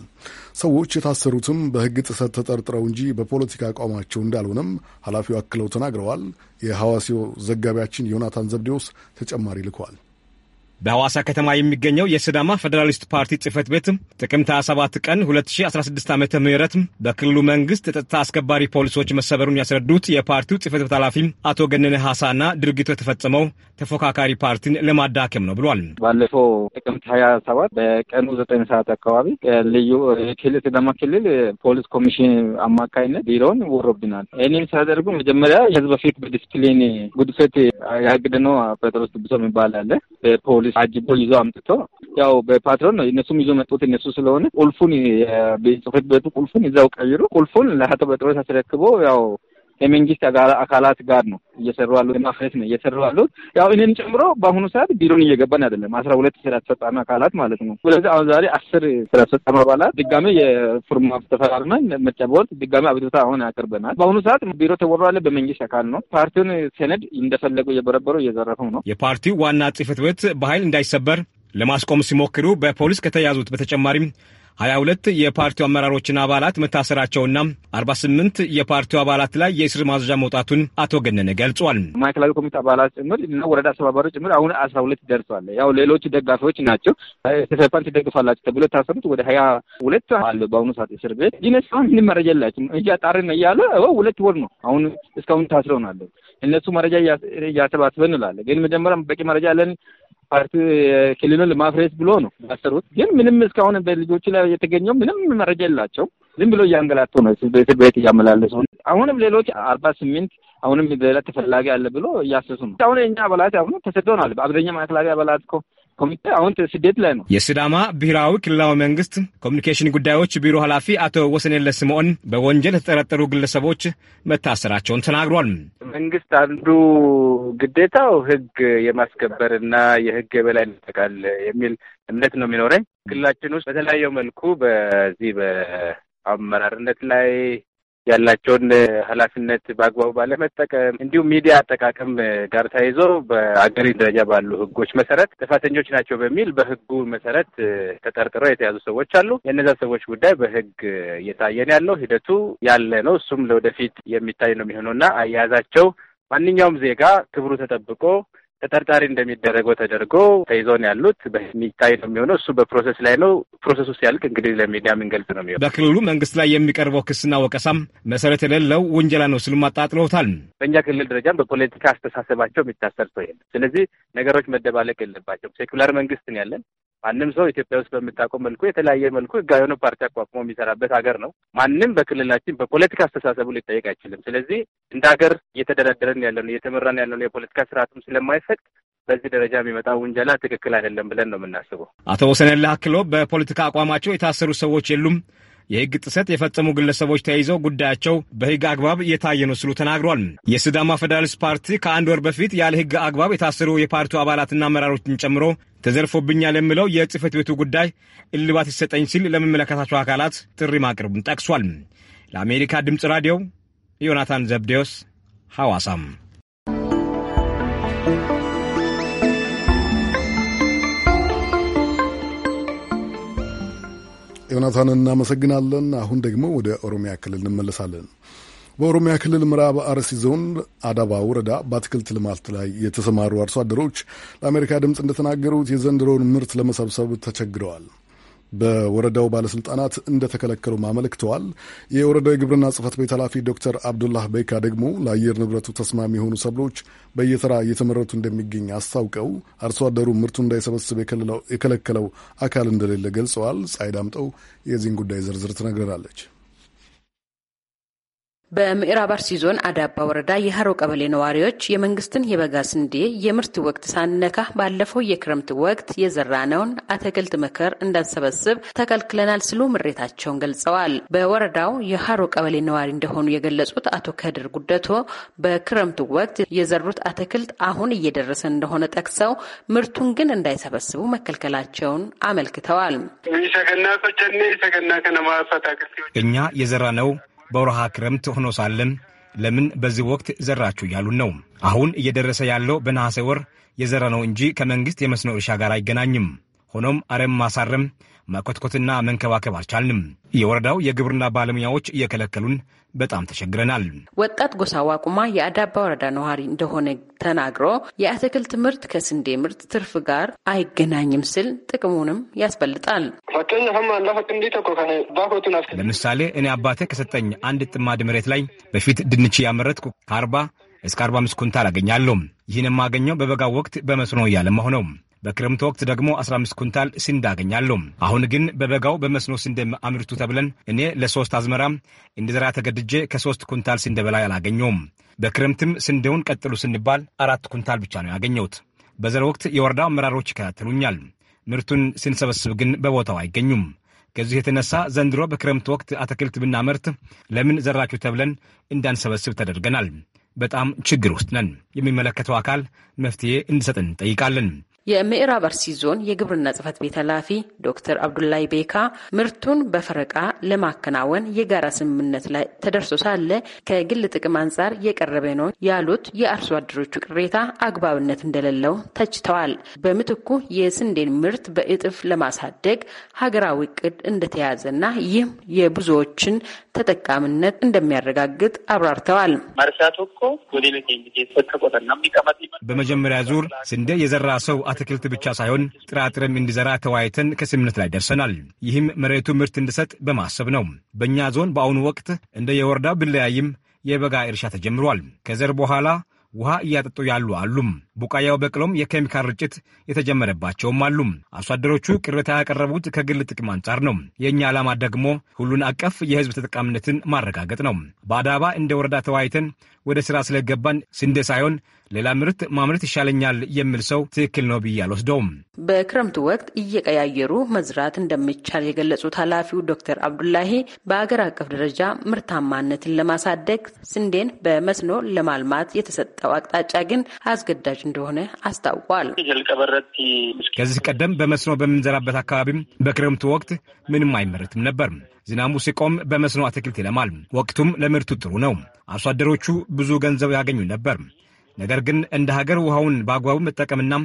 ሰዎች የታሰሩትም በህግ ጥሰት ተጠርጥረው እንጂ በፖለቲካ አቋማቸው እንዳልሆነም ኃላፊው አክለው ተናግረዋል። የሐዋሲው ዘጋቢያችን ዮናታን ዘብዴዎስ ተጨማሪ ልኳል። በሐዋሳ ከተማ የሚገኘው የስዳማ ፌዴራሊስት ፓርቲ ጽህፈት ቤት ጥቅምት 27 ቀን 2016 ዓ ም በክልሉ መንግስት የጸጥታ አስከባሪ ፖሊሶች መሰበሩን ያስረዱት የፓርቲው ጽህፈት ቤት ኃላፊ አቶ ገነነ ሐሳና ድርጊቱ የተፈጸመው ተፎካካሪ ፓርቲን ለማዳከም ነው ብሏል። ባለፈው ጥቅምት 27 በቀኑ 9 ሰዓት አካባቢ ልዩ ክልል ስዳማ ክልል ፖሊስ ኮሚሽን አማካኝነት ቢሮውን ወሮብናል። ይህንም ሲያደርጉ መጀመሪያ ህዝብ በፊት በዲስፕሊን ጉድፈት ያግድነው ጴጥሮስ ብሶ አለ ፖሊስ አጅቦ ይዞ አምጥቶ ያው በፓትሮን ነው እነሱም ይዞ መጡት። እነሱ ስለሆነ ቁልፉን ጽሕፈት ቤቱ ቁልፉን ይዛው ቀይሩ ቁልፉን ለአቶ በጥሮስ አስረክቦ ያው ከመንግስት አካላት ጋር ነው እየሰሩ ያሉት ለማፍረስ ነው እየሰሩ ያሉት። ያው እኔን ጨምሮ በአሁኑ ሰዓት ቢሮን እየገባን አይደለም። አስራ ሁለት ስራ አስፈጻሚ አካላት ማለት ነው። ስለዚህ አሁን ዛሬ አስር ስራ አስፈጻሚ አባላት ድጋሜ የፉርማ ተፈራርመን ምርጫ ቦርድ ድጋሚ አቤቱታ አሁን ያቀርበናል። በአሁኑ ሰዓት ቢሮ ተወሯለ በመንግስት አካል ነው። ፓርቲውን ሰነድ እንደፈለጉ እየበረበሩ እየዘረፉ ነው። የፓርቲው ዋና ጽህፈት ቤት በኃይል እንዳይሰበር ለማስቆም ሲሞክሩ በፖሊስ ከተያዙት በተጨማሪም 22 የፓርቲው አመራሮችና አባላት መታሰራቸውና 48 የፓርቲው አባላት ላይ የእስር ማዘዣ መውጣቱን አቶ ገነነ ገልጿል። ማዕከላዊ ኮሚቴ አባላት ጭምር እና ወረዳ አስተባባሪ ጭምር አሁን 12 ደርሷል። ያው ሌሎች ደጋፊዎች ናቸው ተሰፋን ትደግፋላችሁ ተብሎ ታሰሩት ወደ ሀያ ሁለት አሉ። በአሁኑ ሰዓት እስር ቤት ይነሳ ምንም መረጃ የላችም እያጣርን እያለ ሁለት ወር ነው አሁን እስካሁን ታስረው ናለ እነሱ መረጃ እያሰባስበን እንላለን፣ ግን መጀመሪያ በቂ መረጃ ያለን ፓርቲ ክልሉን ለማፍረስ ብሎ ነው ያሰሩት። ግን ምንም እስካሁን በልጆቹ ላይ የተገኘው ምንም መረጃ የላቸው። ዝም ብሎ እያንገላቱ ነው ቤት ቤት እያመላለሱ አሁንም ሌሎች አርባ ስምንት አሁንም ሌላ ተፈላጊ አለ ብሎ እያሰሱ ነው። አሁን እኛ አባላት አሁን ተሰደውናል። አብዛኛ ማዕከላዊ አባላት እኮ ኮሚቴ አሁን ስደት ላይ ነው። የሲዳማ ብሔራዊ ክልላዊ መንግስት ኮሚኒኬሽን ጉዳዮች ቢሮ ኃላፊ አቶ ወሰኔለ ስምዖን በወንጀል የተጠረጠሩ ግለሰቦች መታሰራቸውን ተናግሯል። መንግስት አንዱ ግዴታው ህግ የማስከበርና የህግ የበላይ ይጠቃል የሚል እምነት ነው የሚኖረኝ። ክልላችን ውስጥ በተለያየ መልኩ በዚህ በአመራርነት ላይ ያላቸውን ኃላፊነት በአግባቡ ባለመጠቀም እንዲሁም ሚዲያ አጠቃቀም ጋር ተያይዞ በአገሪ ደረጃ ባሉ ህጎች መሰረት ጥፋተኞች ናቸው በሚል በህጉ መሰረት ተጠርጥረው የተያዙ ሰዎች አሉ። የእነዛ ሰዎች ጉዳይ በህግ እየታየን ያለው ሂደቱ ያለ ነው። እሱም ለወደፊት የሚታይ ነው የሚሆነው እና አያያዛቸው ማንኛውም ዜጋ ክብሩ ተጠብቆ ተጠርጣሪ እንደሚደረገው ተደርጎ ተይዘውን ያሉት በሚታይ ነው የሚሆነው። እሱ በፕሮሰስ ላይ ነው። ፕሮሰሱ ሲያልቅ እንግዲህ ለሚዲያ የምንገልጽ ነው የሚሆነው። በክልሉ መንግስት ላይ የሚቀርበው ክስና ወቀሳም መሰረት የሌለው ውንጀላ ነው ሲሉም አጣጥለውታል። በእኛ ክልል ደረጃም በፖለቲካ አስተሳሰባቸው የሚታሰር ሰው የለም። ስለዚህ ነገሮች መደባለቅ የለባቸውም። ሴኩላር መንግስት ነው ያለን። ማንም ሰው ኢትዮጵያ ውስጥ በምታውቀው መልኩ የተለያየ መልኩ ህጋዊ የሆነ ፓርቲ አቋቁሞ የሚሰራበት ሀገር ነው። ማንም በክልላችን በፖለቲካ አስተሳሰቡ ሊጠየቅ አይችልም። ስለዚህ እንደ ሀገር እየተደረደረን ያለነው እየተመራን ያለነው የፖለቲካ ስርዓቱም ስለማይፈቅድ በዚህ ደረጃ የሚመጣ ውንጀላ ትክክል አይደለም ብለን ነው የምናስበው። አቶ ወሰነላ አክሎ በፖለቲካ አቋማቸው የታሰሩ ሰዎች የሉም የህግ ጥሰት የፈጸሙ ግለሰቦች ተይዘው ጉዳያቸው በህግ አግባብ እየታየ ነው ሲሉ ተናግሯል። የስዳማ ፌዴራሊስት ፓርቲ ከአንድ ወር በፊት ያለ ህግ አግባብ የታሰሩ የፓርቲው አባላትና አመራሮችን ጨምሮ ተዘርፎብኛል የሚለው የጽህፈት ቤቱ ጉዳይ እልባት ይሰጠኝ ሲል ለሚመለከታቸው አካላት ጥሪ ማቅረቡን ጠቅሷል። ለአሜሪካ ድምፅ ራዲዮ ዮናታን ዘብዴዎስ ሐዋሳም ዮናታን እናመሰግናለን። አሁን ደግሞ ወደ ኦሮሚያ ክልል እንመለሳለን። በኦሮሚያ ክልል ምዕራብ አርሲ ዞን አዳባ ወረዳ በአትክልት ልማት ላይ የተሰማሩ አርሶ አደሮች ለአሜሪካ ድምፅ እንደተናገሩት የዘንድሮውን ምርት ለመሰብሰብ ተቸግረዋል። በወረዳው ባለስልጣናት እንደተከለከሉም አመልክተዋል። የወረዳው የግብርና ጽፈት ቤት ኃላፊ ዶክተር አብዱላህ በይካ ደግሞ ለአየር ንብረቱ ተስማሚ የሆኑ ሰብሎች በየተራ እየተመረቱ እንደሚገኝ አስታውቀው አርሶ አደሩ ምርቱ እንዳይሰበስብ የከለከለው አካል እንደሌለ ገልጸዋል። ፀሐይ ዳምጠው የዚህን ጉዳይ ዝርዝር ትነግረናለች። በምዕራብ አርሲ ዞን አዳባ ወረዳ የሀሮ ቀበሌ ነዋሪዎች የመንግስትን የበጋ ስንዴ የምርት ወቅት ሳንነካ ባለፈው የክረምት ወቅት የዘራነውን አትክልት መከር እንዳንሰበስብ ተከልክለናል ሲሉ ምሬታቸውን ገልጸዋል። በወረዳው የሀሮ ቀበሌ ነዋሪ እንደሆኑ የገለጹት አቶ ከድር ጉደቶ በክረምቱ ወቅት የዘሩት አትክልት አሁን እየደረሰ እንደሆነ ጠቅሰው ምርቱን ግን እንዳይሰበስቡ መከልከላቸውን አመልክተዋል። እኛ የዘራነው በወርሃ ክረምት ሆኖ ሳለም ለምን በዚህ ወቅት ዘራችሁ እያሉን ነው። አሁን እየደረሰ ያለው በነሐሴ ወር የዘራ ነው እንጂ ከመንግሥት የመስኖ እርሻ ጋር አይገናኝም። ሆኖም አረም ማሳረም መኮትኮትና መንከባከብ አልቻልንም። የወረዳው የግብርና ባለሙያዎች እየከለከሉን በጣም ተቸግረናል። ወጣት ጎሳዋ ቁማ የአዳባ ወረዳ ነዋሪ እንደሆነ ተናግሮ የአትክልት ምርት ከስንዴ ምርት ትርፍ ጋር አይገናኝም ስል ጥቅሙንም ያስበልጣል። ለምሳሌ እኔ አባቴ ከሰጠኝ አንድ ጥማድ መሬት ላይ በፊት ድንች ያመረትኩ ከአርባ እስከ አርባ አምስት ኩንታል አገኛለሁ። ይህን የማገኘው በበጋው ወቅት በመስኖ እያለማሁ ነው። በክረምቱ ወቅት ደግሞ 15 ኩንታል ስንዴ አገኛለሁ አሁን ግን በበጋው በመስኖ ስንዴ አምርቱ ተብለን እኔ ለሶስት አዝመራ እንድዘራ ተገድጄ ከሶስት ኩንታል ስንዴ በላይ አላገኘውም። በክረምትም ስንዴውን ቀጥሉ ስንባል አራት ኩንታል ብቻ ነው ያገኘሁት። በዘር ወቅት የወረዳ አመራሮች ይከታተሉኛል። ምርቱን ስንሰበስብ ግን በቦታው አይገኙም። ከዚህ የተነሳ ዘንድሮ በክረምት ወቅት አትክልት ብናመርት ለምን ዘራችሁ ተብለን እንዳንሰበስብ ተደርገናል። በጣም ችግር ውስጥ ነን። የሚመለከተው አካል መፍትሄ እንዲሰጥን እንጠይቃለን። የምዕራብ አርሲ ዞን የግብርና ጽህፈት ቤት ኃላፊ ዶክተር አብዱላይ ቤካ ምርቱን በፈረቃ ለማከናወን የጋራ ስምምነት ላይ ተደርሶ ሳለ ከግል ጥቅም አንጻር የቀረበ ነው ያሉት የአርሶ አደሮቹ ቅሬታ አግባብነት እንደሌለው ተችተዋል። በምትኩ የስንዴን ምርት በእጥፍ ለማሳደግ ሀገራዊ እቅድ እንደተያዘና ይህም የብዙዎችን ተጠቃሚነት እንደሚያረጋግጥ አብራርተዋል። በመጀመሪያ ዙር ስንዴ የዘራ ሰው አትክልት ብቻ ሳይሆን ጥራጥርም እንዲዘራ ተወያይተን ከስምምነት ላይ ደርሰናል። ይህም መሬቱ ምርት እንዲሰጥ በማሰብ ነው። በእኛ ዞን በአሁኑ ወቅት እንደ የወረዳው ብለያይም የበጋ እርሻ ተጀምሯል። ከዘር በኋላ ውሃ እያጠጡ ያሉ አሉም። ቡቃያው በቅሎም የኬሚካል ርጭት የተጀመረባቸውም አሉም። አርሶ አደሮቹ ቅሬታ ያቀረቡት ከግል ጥቅም አንጻር ነው። የእኛ ዓላማ ደግሞ ሁሉን አቀፍ የህዝብ ተጠቃሚነትን ማረጋገጥ ነው። በአዳባ እንደ ወረዳ ተወያይተን ወደ ስራ ስለገባን ስንዴ ሳይሆን ሌላ ምርት ማምረት ይሻለኛል የሚል ሰው ትክክል ነው ብዬ አልወስደውም። በክረምቱ ወቅት እየቀያየሩ መዝራት እንደሚቻል የገለጹት ኃላፊው ዶክተር አብዱላሂ በአገር አቀፍ ደረጃ ምርታማነትን ለማሳደግ ስንዴን በመስኖ ለማልማት የተሰጠው አቅጣጫ ግን አስገዳጅ እንደሆነ አስታውቋል። ከዚህ ቀደም በመስኖ በምንዘራበት አካባቢም በክረምቱ ወቅት ምንም አይመረትም ነበር። ዝናቡ ሲቆም በመስኖ አትክልት ይለማል። ወቅቱም ለምርቱ ጥሩ ነው። አርሶ አደሮቹ ብዙ ገንዘብ ያገኙ ነበር። ነገር ግን እንደ ሀገር ውሃውን በአግባቡ መጠቀምና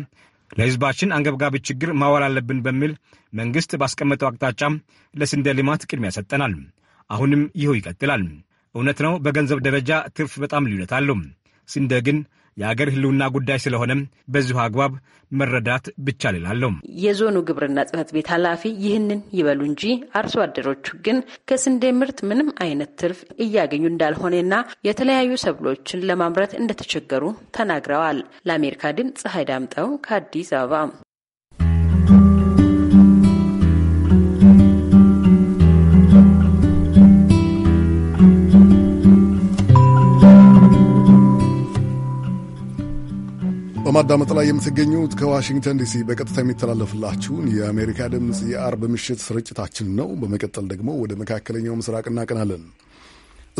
ለሕዝባችን አንገብጋቢ ችግር ማዋል አለብን በሚል መንግሥት ባስቀመጠው አቅጣጫ ለስንዴ ልማት ቅድሚያ ሰጠናል። አሁንም ይኸው ይቀጥላል። እውነት ነው፣ በገንዘብ ደረጃ ትርፍ በጣም ልዩነት አለው። ስንዴ ግን የአገር ህልውና ጉዳይ ስለሆነም በዚሁ አግባብ መረዳት ብቻ ልላለሁ። የዞኑ ግብርና ጽህፈት ቤት ኃላፊ ይህንን ይበሉ እንጂ አርሶ አደሮቹ ግን ከስንዴ ምርት ምንም አይነት ትርፍ እያገኙ እንዳልሆነና የተለያዩ ሰብሎችን ለማምረት እንደተቸገሩ ተናግረዋል። ለአሜሪካ ድምፅ ፀሐይ ዳምጠው ከአዲስ አበባ በማዳመጥ ላይ የምትገኙት ከዋሽንግተን ዲሲ በቀጥታ የሚተላለፍላችሁን የአሜሪካ ድምፅ የአርብ ምሽት ስርጭታችን ነው። በመቀጠል ደግሞ ወደ መካከለኛው ምስራቅ እናቀናለን።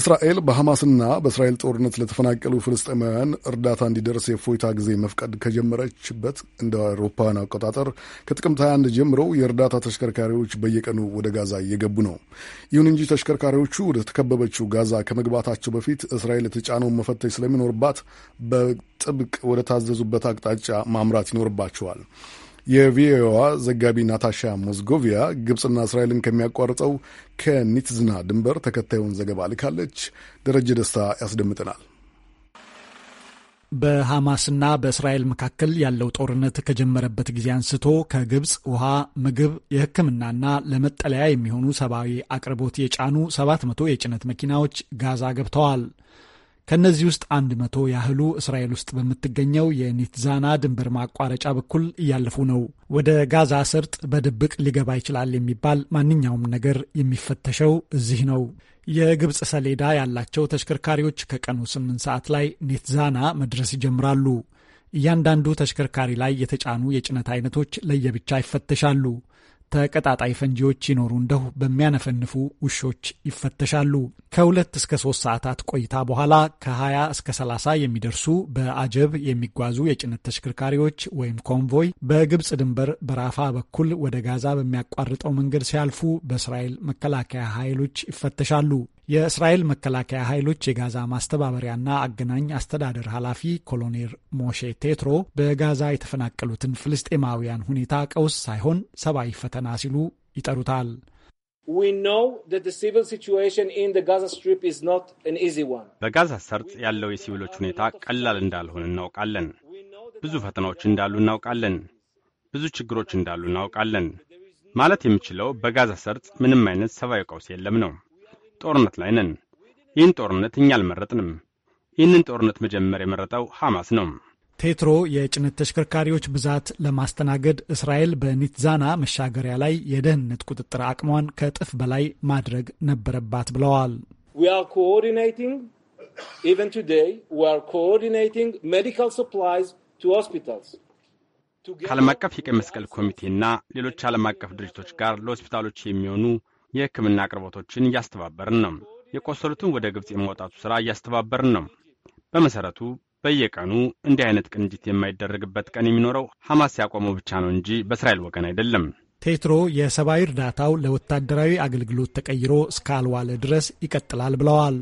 እስራኤል በሐማስና በእስራኤል ጦርነት ለተፈናቀሉ ፍልስጤማውያን እርዳታ እንዲደርስ የእፎይታ ጊዜ መፍቀድ ከጀመረችበት እንደ አውሮፓውያን አቆጣጠር ከጥቅምት 21 ጀምሮ የእርዳታ ተሽከርካሪዎች በየቀኑ ወደ ጋዛ እየገቡ ነው። ይሁን እንጂ ተሽከርካሪዎቹ ወደ ተከበበችው ጋዛ ከመግባታቸው በፊት እስራኤል የተጫነውን መፈተሽ ስለሚኖርባት በጥብቅ ወደ ታዘዙበት አቅጣጫ ማምራት ይኖርባቸዋል። የቪኦኤዋ ዘጋቢ ናታሻ ሞዝጎቪያ ግብፅና እስራኤልን ከሚያቋርጠው ከኒትዝና ድንበር ተከታዩን ዘገባ ልካለች። ደረጀ ደስታ ያስደምጠናል። በሐማስና በእስራኤል መካከል ያለው ጦርነት ከጀመረበት ጊዜ አንስቶ ከግብፅ ውሃ፣ ምግብ፣ የሕክምናና ለመጠለያ የሚሆኑ ሰብአዊ አቅርቦት የጫኑ 700 የጭነት መኪናዎች ጋዛ ገብተዋል። ከእነዚህ ውስጥ አንድ መቶ ያህሉ እስራኤል ውስጥ በምትገኘው የኒትዛና ድንበር ማቋረጫ በኩል እያለፉ ነው። ወደ ጋዛ ሰርጥ በድብቅ ሊገባ ይችላል የሚባል ማንኛውም ነገር የሚፈተሸው እዚህ ነው። የግብፅ ሰሌዳ ያላቸው ተሽከርካሪዎች ከቀኑ 8 ሰዓት ላይ ኔትዛና መድረስ ይጀምራሉ። እያንዳንዱ ተሽከርካሪ ላይ የተጫኑ የጭነት አይነቶች ለየብቻ ይፈተሻሉ። ተቀጣጣይ ፈንጂዎች ይኖሩ እንደሁ በሚያነፈንፉ ውሾች ይፈተሻሉ። ከሁለት እስከ ሶስት ሰዓታት ቆይታ በኋላ ከ20 እስከ 30 የሚደርሱ በአጀብ የሚጓዙ የጭነት ተሽከርካሪዎች ወይም ኮንቮይ በግብፅ ድንበር በራፋ በኩል ወደ ጋዛ በሚያቋርጠው መንገድ ሲያልፉ በእስራኤል መከላከያ ኃይሎች ይፈተሻሉ። የእስራኤል መከላከያ ኃይሎች የጋዛ ማስተባበሪያና አገናኝ አስተዳደር ኃላፊ ኮሎኔል ሞሼ ቴትሮ በጋዛ የተፈናቀሉትን ፍልስጤማውያን ሁኔታ ቀውስ ሳይሆን ሰብአዊ ፈተና ሲሉ ይጠሩታል። በጋዛ ሰርጥ ያለው የሲቪሎች ሁኔታ ቀላል እንዳልሆን እናውቃለን። ብዙ ፈተናዎች እንዳሉ እናውቃለን። ብዙ ችግሮች እንዳሉ እናውቃለን። ማለት የምችለው በጋዛ ሰርጥ ምንም አይነት ሰብአዊ ቀውስ የለም ነው። ጦርነት ላይ ነን። ይህን ጦርነት እኛ አልመረጥንም። ይህንን ጦርነት መጀመር የመረጠው ሐማስ ነው። ቴትሮ የጭነት ተሽከርካሪዎች ብዛት ለማስተናገድ እስራኤል በኒትዛና መሻገሪያ ላይ የደህንነት ቁጥጥር አቅሟን ከእጥፍ በላይ ማድረግ ነበረባት ብለዋል። ከዓለም አቀፍ የቀይ መስቀል ኮሚቴና ሌሎች ዓለም አቀፍ ድርጅቶች ጋር ለሆስፒታሎች የሚሆኑ የሕክምና አቅርቦቶችን እያስተባበርን ነው። የቆሰሉትን ወደ ግብፅ የማውጣቱ ሥራ እያስተባበርን ነው። በመሠረቱ በየቀኑ እንዲህ አይነት ቅንጅት የማይደረግበት ቀን የሚኖረው ሐማስ ያቆመው ብቻ ነው እንጂ በእስራኤል ወገን አይደለም። ቴትሮ የሰብአዊ እርዳታው ለወታደራዊ አገልግሎት ተቀይሮ እስካልዋለ ድረስ ይቀጥላል ብለዋል።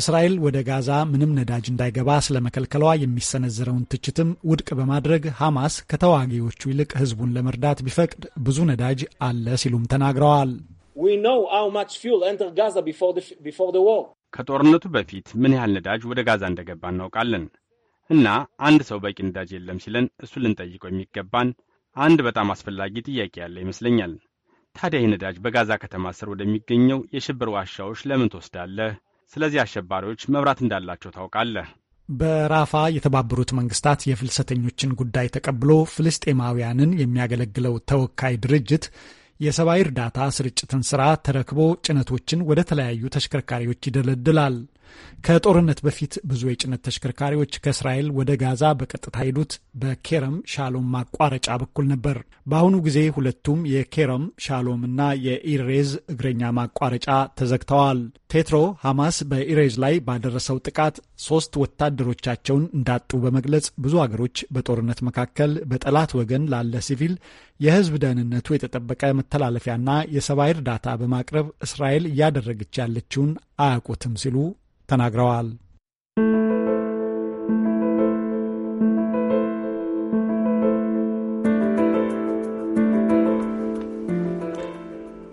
እስራኤል ወደ ጋዛ ምንም ነዳጅ እንዳይገባ ስለመከልከሏ የሚሰነዘረውን ትችትም ውድቅ በማድረግ ሐማስ ከተዋጊዎቹ ይልቅ ህዝቡን ለመርዳት ቢፈቅድ ብዙ ነዳጅ አለ ሲሉም ተናግረዋል። ከጦርነቱ በፊት ምን ያህል ነዳጅ ወደ ጋዛ እንደገባ እናውቃለን። እና አንድ ሰው በቂ ነዳጅ የለም ሲለን እሱ ልንጠይቀው የሚገባን አንድ በጣም አስፈላጊ ጥያቄ ያለ ይመስለኛል። ታዲያ ይህ ነዳጅ በጋዛ ከተማ ስር ወደሚገኘው የሽብር ዋሻዎች ለምን ትወስዳለህ? ስለዚህ አሸባሪዎች መብራት እንዳላቸው ታውቃለህ። በራፋ የተባበሩት መንግስታት የፍልሰተኞችን ጉዳይ ተቀብሎ ፍልስጤማውያንን የሚያገለግለው ተወካይ ድርጅት የሰብአዊ እርዳታ ስርጭትን ስራ ተረክቦ ጭነቶችን ወደ ተለያዩ ተሽከርካሪዎች ይደለድላል። ከጦርነት በፊት ብዙ የጭነት ተሽከርካሪዎች ከእስራኤል ወደ ጋዛ በቀጥታ ሄዱት በኬረም ሻሎም ማቋረጫ በኩል ነበር። በአሁኑ ጊዜ ሁለቱም የኬረም ሻሎም እና የኢሬዝ እግረኛ ማቋረጫ ተዘግተዋል። ቴትሮ ሐማስ በኢሬዝ ላይ ባደረሰው ጥቃት ሶስት ወታደሮቻቸውን እንዳጡ በመግለጽ ብዙ አገሮች በጦርነት መካከል በጠላት ወገን ላለ ሲቪል የሕዝብ ደህንነቱ የተጠበቀ መተላለፊያና የሰብአዊ እርዳታ በማቅረብ እስራኤል እያደረገች ያለችውን አያውቁትም ሲሉ ተናግረዋል።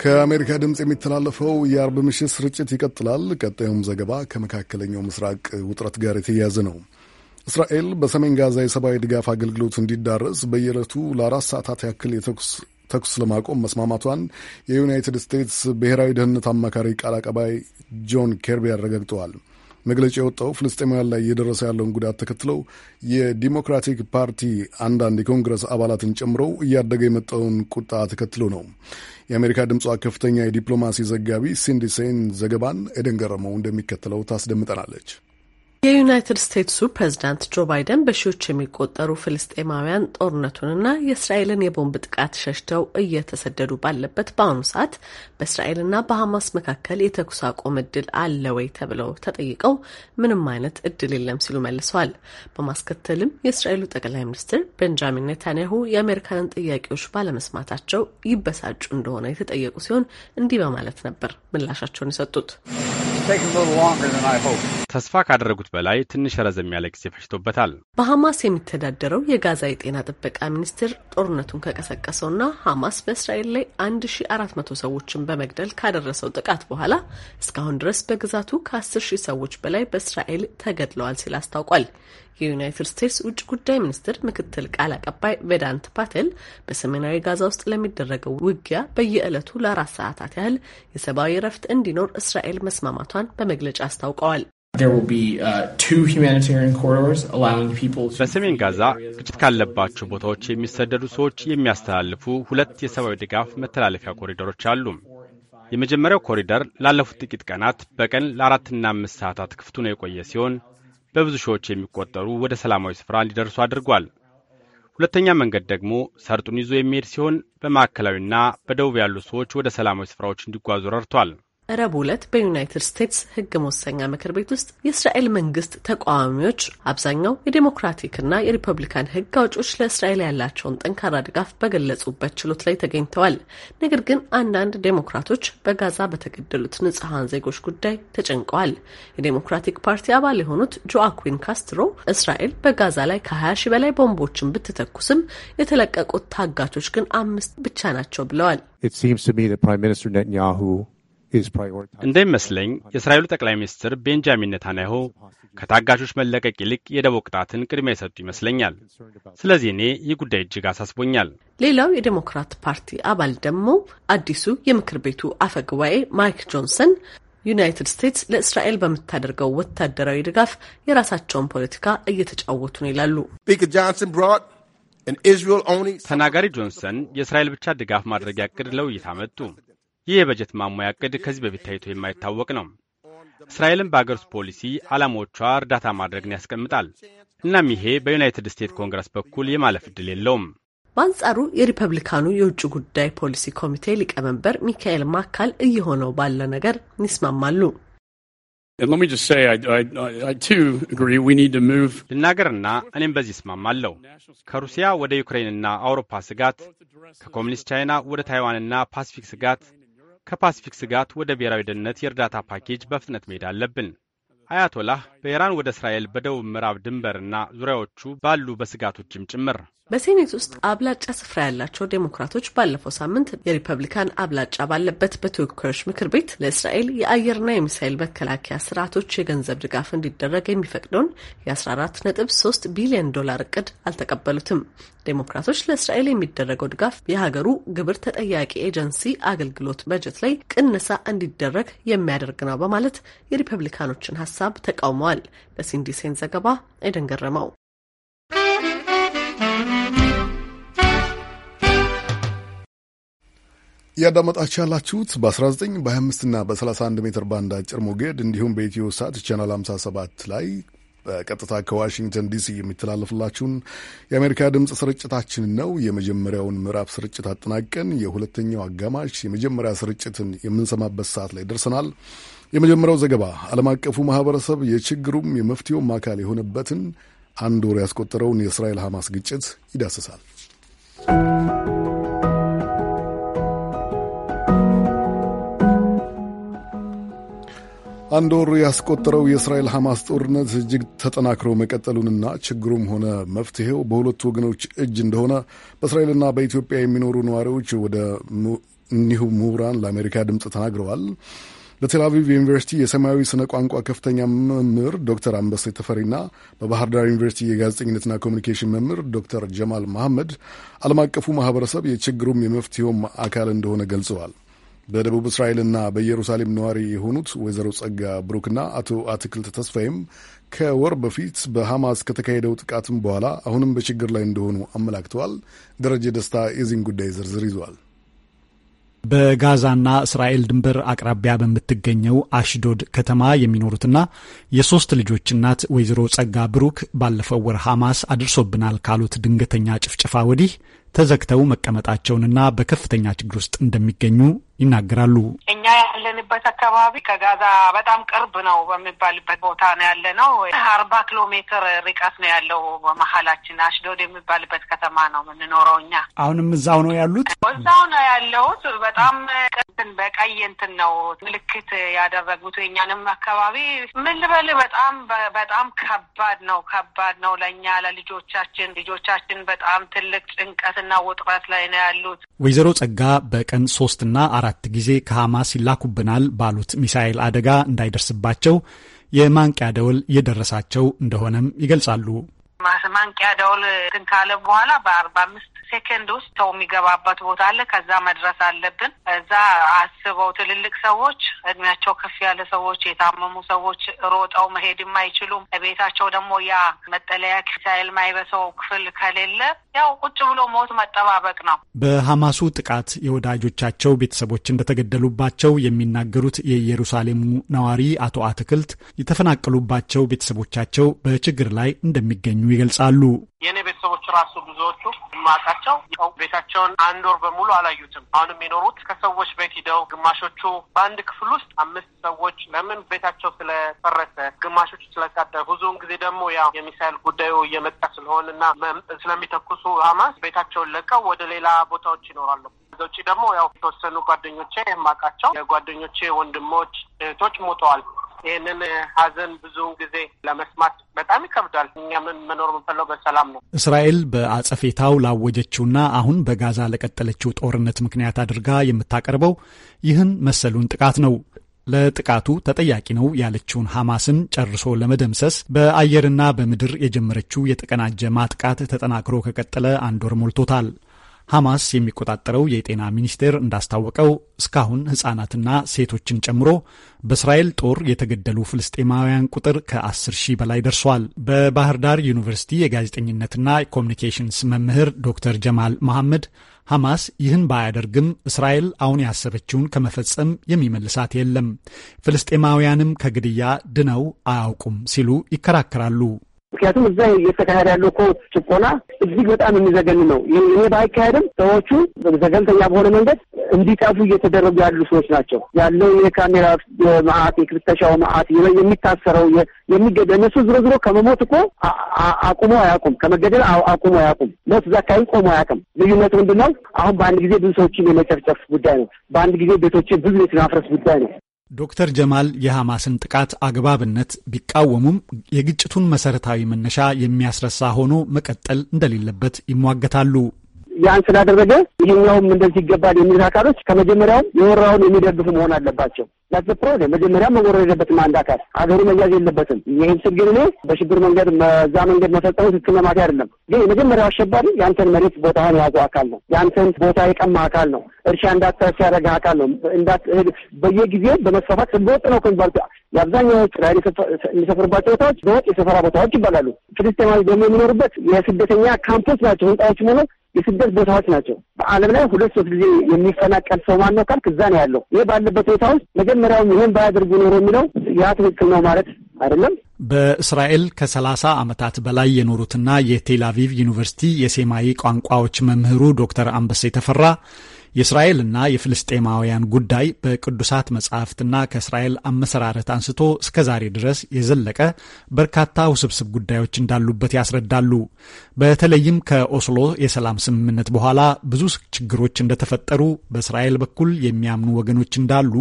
ከአሜሪካ ድምፅ የሚተላለፈው የአርብ ምሽት ስርጭት ይቀጥላል። ቀጣዩም ዘገባ ከመካከለኛው ምስራቅ ውጥረት ጋር የተያያዘ ነው። እስራኤል በሰሜን ጋዛ የሰብአዊ ድጋፍ አገልግሎት እንዲዳረስ በየዕለቱ ለአራት ሰዓታት ያክል የተኩስ ተኩስ ለማቆም መስማማቷን የዩናይትድ ስቴትስ ብሔራዊ ደህንነት አማካሪ ቃል አቀባይ ጆን ኬርቢ አረጋግጠዋል። መግለጫ የወጣው ፍልስጤማውያን ላይ እየደረሰ ያለውን ጉዳት ተከትለው የዲሞክራቲክ ፓርቲ አንዳንድ የኮንግረስ አባላትን ጨምሮ እያደገ የመጣውን ቁጣ ተከትሎ ነው። የአሜሪካ ድምጿ ከፍተኛ የዲፕሎማሲ ዘጋቢ ሲንዲ ሴን ዘገባን ኤደን ገረመው እንደሚከተለው ታስደምጠናለች። የዩናይትድ ስቴትሱ ፕሬዝዳንት ጆ ባይደን በሺዎች የሚቆጠሩ ፍልስጤማውያን ጦርነቱንና የእስራኤልን የቦምብ ጥቃት ሸሽተው እየተሰደዱ ባለበት በአሁኑ ሰዓት በእስራኤልና በሐማስ መካከል የተኩስ አቁም እድል አለ ወይ ተብለው ተጠይቀው ምንም አይነት እድል የለም ሲሉ መልሰዋል። በማስከተልም የእስራኤሉ ጠቅላይ ሚኒስትር ቤንጃሚን ኔታንያሁ የአሜሪካንን ጥያቄዎች ባለመስማታቸው ይበሳጩ እንደሆነ የተጠየቁ ሲሆን እንዲህ በማለት ነበር ምላሻቸውን የሰጡት። ተስፋ ካደረጉት በላይ ትንሽ ረዘም ያለ ጊዜ ፈጅቶበታል። በሐማስ የሚተዳደረው የጋዛ የጤና ጥበቃ ሚኒስቴር ጦርነቱን ከቀሰቀሰውና ሐማስ በእስራኤል ላይ 1400 ሰዎችን በመግደል ካደረሰው ጥቃት በኋላ እስካሁን ድረስ በግዛቱ ከ10 ሺህ ሰዎች በላይ በእስራኤል ተገድለዋል ሲል አስታውቋል። የዩናይትድ ስቴትስ ውጭ ጉዳይ ሚኒስትር ምክትል ቃል አቀባይ ቬዳንት ፓቴል በሰሜናዊ ጋዛ ውስጥ ለሚደረገው ውጊያ በየዕለቱ ለአራት ሰዓታት ያህል የሰብአዊ ረፍት እንዲኖር እስራኤል መስማማቷን በመግለጫ አስታውቀዋል። uh, በሰሜን ጋዛ ግጭት ካለባቸው ቦታዎች የሚሰደዱ ሰዎች የሚያስተላልፉ ሁለት የሰብአዊ ድጋፍ መተላለፊያ ኮሪደሮች አሉ። የመጀመሪያው ኮሪደር ላለፉት ጥቂት ቀናት በቀን ለአራትና አምስት ሰዓታት ክፍቱ ነው የቆየ ሲሆን በብዙ ሺዎች የሚቆጠሩ ወደ ሰላማዊ ስፍራ እንዲደርሱ አድርጓል። ሁለተኛ መንገድ ደግሞ ሰርጡን ይዞ የሚሄድ ሲሆን በማዕከላዊና በደቡብ ያሉ ሰዎች ወደ ሰላማዊ ስፍራዎች እንዲጓዙ ረድቷል። ረቡዕ ዕለት በዩናይትድ ስቴትስ ሕግ መወሰኛ ምክር ቤት ውስጥ የእስራኤል መንግስት ተቃዋሚዎች አብዛኛው የዴሞክራቲክና የሪፐብሊካን ሕግ አውጮች ለእስራኤል ያላቸውን ጠንካራ ድጋፍ በገለጹበት ችሎት ላይ ተገኝተዋል። ነገር ግን አንዳንድ ዴሞክራቶች በጋዛ በተገደሉት ንጹሐን ዜጎች ጉዳይ ተጨንቀዋል። የዴሞክራቲክ ፓርቲ አባል የሆኑት ጆአኩዊን ካስትሮ እስራኤል በጋዛ ላይ ከ20 ሺህ በላይ ቦምቦችን ብትተኩስም የተለቀቁት ታጋቾች ግን አምስት ብቻ ናቸው ብለዋል። It seems to me that Prime Minister Netanyahu እንደሚመስለኝ የእስራኤሉ ጠቅላይ ሚኒስትር ቤንጃሚን ነታንያሁ ከታጋሾች መለቀቅ ይልቅ የደቦ ቅጣትን ቅድሚያ የሰጡ ይመስለኛል። ስለዚህ እኔ ይህ ጉዳይ እጅግ አሳስቦኛል። ሌላው የዴሞክራት ፓርቲ አባል ደግሞ አዲሱ የምክር ቤቱ ጉባኤ ማይክ ጆንሰን ዩናይትድ ስቴትስ ለእስራኤል በምታደርገው ወታደራዊ ድጋፍ የራሳቸውን ፖለቲካ እየተጫወቱ ነው ይላሉ። ተናጋሪ ጆንሰን የእስራኤል ብቻ ድጋፍ ማድረግ ያቅድ ለውይታ መጡ። ይህ የበጀት ማሟያ እቅድ ከዚህ በፊት ታይቶ የማይታወቅ ነው። እስራኤልን በአገር ውስጥ ፖሊሲ ዓላማዎቿ እርዳታ ማድረግን ያስቀምጣል። እናም ይሄ በዩናይትድ ስቴትስ ኮንግረስ በኩል የማለፍ ዕድል የለውም። በአንጻሩ የሪፐብሊካኑ የውጭ ጉዳይ ፖሊሲ ኮሚቴ ሊቀመንበር ሚካኤል ማካል እየሆነው ባለ ነገር ይስማማሉ። ልናገርና እኔም በዚህ እስማማለሁ። ከሩሲያ ወደ ዩክሬንና አውሮፓ ስጋት፣ ከኮሚኒስት ቻይና ወደ ታይዋንና ፓሲፊክ ስጋት ከፓሲፊክ ስጋት ወደ ብሔራዊ ደህንነት የእርዳታ ፓኬጅ በፍጥነት መሄድ አለብን። አያቶላህ በኢራን ወደ እስራኤል በደቡብ ምዕራብ ድንበርና ዙሪያዎቹ ባሉ በስጋቶችም ጭምር በሴኔት ውስጥ አብላጫ ስፍራ ያላቸው ዴሞክራቶች ባለፈው ሳምንት የሪፐብሊካን አብላጫ ባለበት በተወካዮች ምክር ቤት ለእስራኤል የአየርና የሚሳይል መከላከያ ስርዓቶች የገንዘብ ድጋፍ እንዲደረግ የሚፈቅደውን የ 3 ቢሊዮን ዶላር እቅድ አልተቀበሉትም። ዴሞክራቶች ለእስራኤል የሚደረገው ድጋፍ የሀገሩ ግብር ተጠያቂ ኤጀንሲ አገልግሎት በጀት ላይ ቅነሳ እንዲደረግ የሚያደርግ ነው በማለት የሪፐብሊካኖችን ሀሳብ ተቃውመዋል። ለሲንዲሴን ዘገባ ኤደን ገረመው እያዳመጣችሁ ያላችሁት በ19 በ25 እና በ31 ሜትር ባንድ አጭር ሞገድ እንዲሁም በኢትዮ ሳት ቻናል 57 ላይ በቀጥታ ከዋሽንግተን ዲሲ የሚተላለፍላችሁን የአሜሪካ ድምፅ ስርጭታችን ነው። የመጀመሪያውን ምዕራፍ ስርጭት አጠናቀን የሁለተኛው አጋማሽ የመጀመሪያ ስርጭትን የምንሰማበት ሰዓት ላይ ደርሰናል። የመጀመሪያው ዘገባ ዓለም አቀፉ ማህበረሰብ የችግሩም የመፍትሄውም አካል የሆነበትን አንድ ወር ያስቆጠረውን የእስራኤል ሐማስ ግጭት ይዳስሳል። አንድ ወር ያስቆጠረው የእስራኤል ሐማስ ጦርነት እጅግ ተጠናክሮ መቀጠሉንና ችግሩም ሆነ መፍትሄው በሁለቱ ወገኖች እጅ እንደሆነ በእስራኤልና በኢትዮጵያ የሚኖሩ ነዋሪዎች ወደ እኒሁ ምሁራን ለአሜሪካ ድምፅ ተናግረዋል። በቴል ዩኒቨርሲቲ የሰማያዊ ስነ ቋንቋ ከፍተኛ መምህር ዶክተር አንበሴ ተፈሪና በባህር ዳር ዩኒቨርሲቲ የጋዜጠኝነትና ኮሚኒኬሽን መምህር ዶክተር ጀማል መሐመድ ዓለም አቀፉ ማህበረሰብ የችግሩም የመፍትሄውም አካል እንደሆነ ገልጸዋል። በደቡብ እስራኤልና በኢየሩሳሌም ነዋሪ የሆኑት ወይዘሮ ጸጋ ብሩክና አቶ አትክልት ተስፋይም ከወር በፊት በሐማስ ከተካሄደው ጥቃትም በኋላ አሁንም በችግር ላይ እንደሆኑ አመላክተዋል። ደረጀ ደስታ የዚህን ጉዳይ ዝርዝር ይዟል። በጋዛና እስራኤል ድንበር አቅራቢያ በምትገኘው አሽዶድ ከተማ የሚኖሩትና የሶስት ልጆች እናት ወይዘሮ ጸጋ ብሩክ ባለፈው ወር ሐማስ አድርሶብናል ካሉት ድንገተኛ ጭፍጨፋ ወዲህ ተዘግተው መቀመጣቸውንና በከፍተኛ ችግር ውስጥ እንደሚገኙ ይናገራሉ። እኛ ያለንበት አካባቢ ከጋዛ በጣም ቅርብ ነው በሚባልበት ቦታ ነው ያለ ነው። አርባ ኪሎ ሜትር ርቀት ነው ያለው በመሀላችን አሽዶድ የሚባልበት ከተማ ነው የምንኖረው እኛ። አሁንም እዛው ነው ያሉት፣ እዛው ነው ያለሁት። በጣም ቅርብን በቀይ እንትን ነው ምልክት ያደረጉት የእኛንም አካባቢ ምን ልበል፣ በጣም በጣም ከባድ ነው፣ ከባድ ነው ለእኛ ለልጆቻችን። ልጆቻችን በጣም ትልቅ ጭንቀትና ውጥረት ላይ ነው ያሉት። ወይዘሮ ጸጋ በቀን ሶስትና አራት ጊዜ ከሐማስ ይላኩብናል ባሉት ሚሳኤል አደጋ እንዳይደርስባቸው የማንቂያ ደወል እየደረሳቸው እንደሆነም ይገልጻሉ። ማንቂያ ደውል እንትን ካለ በኋላ በአርባ አምስት ሴኬንድ ውስጥ ሰው የሚገባበት ቦታ አለ። ከዛ መድረስ አለብን። እዛ አስበው ትልልቅ ሰዎች፣ እድሜያቸው ከፍ ያለ ሰዎች፣ የታመሙ ሰዎች ሮጠው መሄድም አይችሉም። ቤታቸው ደግሞ ያ መጠለያ ሚሳኤል ማይበሰው ክፍል ከሌለ ያው ቁጭ ብሎ ሞት መጠባበቅ ነው። በሐማሱ ጥቃት የወዳጆቻቸው ቤተሰቦች እንደተገደሉባቸው የሚናገሩት የኢየሩሳሌሙ ነዋሪ አቶ አትክልት የተፈናቀሉባቸው ቤተሰቦቻቸው በችግር ላይ እንደሚገኙ ይገልጻሉ። የእኔ ቤተሰቦች ራሱ ብዙዎቹ ማቃቸው ቤታቸውን አንድ ወር በሙሉ አላዩትም። አሁን የሚኖሩት ከሰዎች ቤት ሂደው ግማሾቹ በአንድ ክፍል ውስጥ አምስት ሰዎች ለምን ቤታቸው ስለፈረሰ፣ ግማሾቹ ስለቃጠ፣ ብዙውን ጊዜ ደግሞ ያው የሚሳይል ጉዳዩ እየመጣ ስለሆነና ስለሚተኩሱ የደረሱ ሀማስ ቤታቸውን ለቀው ወደ ሌላ ቦታዎች ይኖራሉ። ከዛ ውጭ ደግሞ ያው የተወሰኑ ጓደኞቼ የማውቃቸው የጓደኞቼ ወንድሞች፣ እህቶች ሞተዋል። ይህንን ሀዘን ብዙውን ጊዜ ለመስማት በጣም ይከብዳል። እኛ ምን መኖር የምንፈለው በሰላም ነው። እስራኤል በአጸፌታው ላወጀችውና አሁን በጋዛ ለቀጠለችው ጦርነት ምክንያት አድርጋ የምታቀርበው ይህን መሰሉን ጥቃት ነው። ለጥቃቱ ተጠያቂ ነው ያለችውን ሐማስን ጨርሶ ለመደምሰስ በአየርና በምድር የጀመረችው የተቀናጀ ማጥቃት ተጠናክሮ ከቀጠለ አንድ ወር ሞልቶታል። ሐማስ የሚቆጣጠረው የጤና ሚኒስቴር እንዳስታወቀው እስካሁን ሕፃናትና ሴቶችን ጨምሮ በእስራኤል ጦር የተገደሉ ፍልስጤማውያን ቁጥር ከ10 ሺህ በላይ ደርሷል። በባህር ዳር ዩኒቨርሲቲ የጋዜጠኝነትና ኮሚኒኬሽንስ መምህር ዶክተር ጀማል መሐመድ ሐማስ ይህን ባያደርግም እስራኤል አሁን ያሰበችውን ከመፈጸም የሚመልሳት የለም፣ ፍልስጤማውያንም ከግድያ ድነው አያውቁም ሲሉ ይከራከራሉ። ምክንያቱም እዛ እየተካሄደ ያለው እኮ ጭቆና እጅግ በጣም የሚዘገን ነው። ይሄ ባይካሄድም ሰዎቹ ዘገንተኛ በሆነ መንገድ እንዲጠፉ እየተደረጉ ያሉ ሰዎች ናቸው። ያለው የካሜራ መዓት፣ የክፍተሻው መዓት፣ የሚታሰረው የሚገደ እነሱ ዝሮ ዝሮ ከመሞት እኮ አቁሞ አያውቁም፣ ከመገደል አቁሞ አያውቁም። ሞት እዛ አካባቢ ቆሞ አያውቅም። ልዩነቱ ምንድን ነው? አሁን በአንድ ጊዜ ብዙ ሰዎችን የመጨፍጨፍ ጉዳይ ነው። በአንድ ጊዜ ቤቶችን ብዙ የማፍረስ ጉዳይ ነው። ዶክተር ጀማል የሐማስን ጥቃት አግባብነት ቢቃወሙም የግጭቱን መሰረታዊ መነሻ የሚያስረሳ ሆኖ መቀጠል እንደሌለበት ይሟገታሉ። ያን ስላደረገ ይህኛውም እንደዚህ ይገባል የሚል አካሎች ከመጀመሪያውም የወራውን የሚደግፉ መሆን አለባቸው። ላትፕሮብሌም መጀመሪያ መወረድ የለበትም። አንድ አካል አገሩ መያዝ የለበትም። ይህን ችግር እኔ በሽብር መንገድ በዛ መንገድ መፈጸሙ ትክክል ለማት አይደለም። ግን የመጀመሪያው አሸባሪ ያንተን መሬት ቦታህን የያዙ አካል ነው። ያንተን ቦታ የቀማ አካል ነው። እርሻ እንዳታርስ ያደረገ አካል ነው። እንዳትህል በየጊዜው በመስፋፋት ህገወጥ ነው ከሚባሉት የአብዛኛው እስራኤል የሚሰፍርባቸው ቦታዎች በወጥ የሰፈራ ቦታዎች ይባላሉ። ፍልስጤማዊ ደግሞ የሚኖሩበት የስደተኛ ካምፖች ናቸው። ህንጻዎች ሆነ የስደት ቦታዎች ናቸው። በዓለም ላይ ሁለት ሶስት ጊዜ የሚፈናቀል ሰው ማን ነው ካልክ እዛ ነው ያለው። ይህ ባለበት ሁኔታ ውስጥ መጀመሪያውም ይህን ባያደርጉ ኖሮ የሚለው ያ ትክክል ነው ማለት አይደለም። በእስራኤል ከ30 ዓመታት በላይ የኖሩትና የቴል አቪቭ ዩኒቨርሲቲ የሴማይ ቋንቋዎች መምህሩ ዶክተር አንበሴ ተፈራ የእስራኤልና የፍልስጤማውያን ጉዳይ በቅዱሳት መጻሕፍትና ከእስራኤል አመሰራረት አንስቶ እስከ ዛሬ ድረስ የዘለቀ በርካታ ውስብስብ ጉዳዮች እንዳሉበት ያስረዳሉ። በተለይም ከኦስሎ የሰላም ስምምነት በኋላ ብዙ ችግሮች እንደተፈጠሩ በእስራኤል በኩል የሚያምኑ ወገኖች እንዳሉ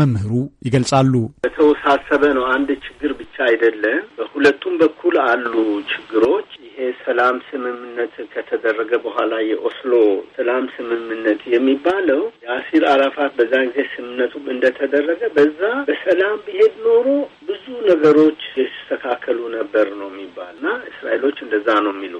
መምህሩ ይገልጻሉ። በተወሳሰበ ነው። አንድ ችግር ብቻ አይደለም። በሁለቱም በኩል አሉ ችግሮች የሰላም ስምምነት ከተደረገ በኋላ የኦስሎ ሰላም ስምምነት የሚባለው የአሲር አራፋት በዛን ጊዜ ስምምነቱ እንደተደረገ በዛ በሰላም ቢሄድ ኖሮ ብዙ ነገሮች የተስተካከሉ ነበር ነው የሚባል እና እስራኤሎች እንደዛ ነው የሚሉ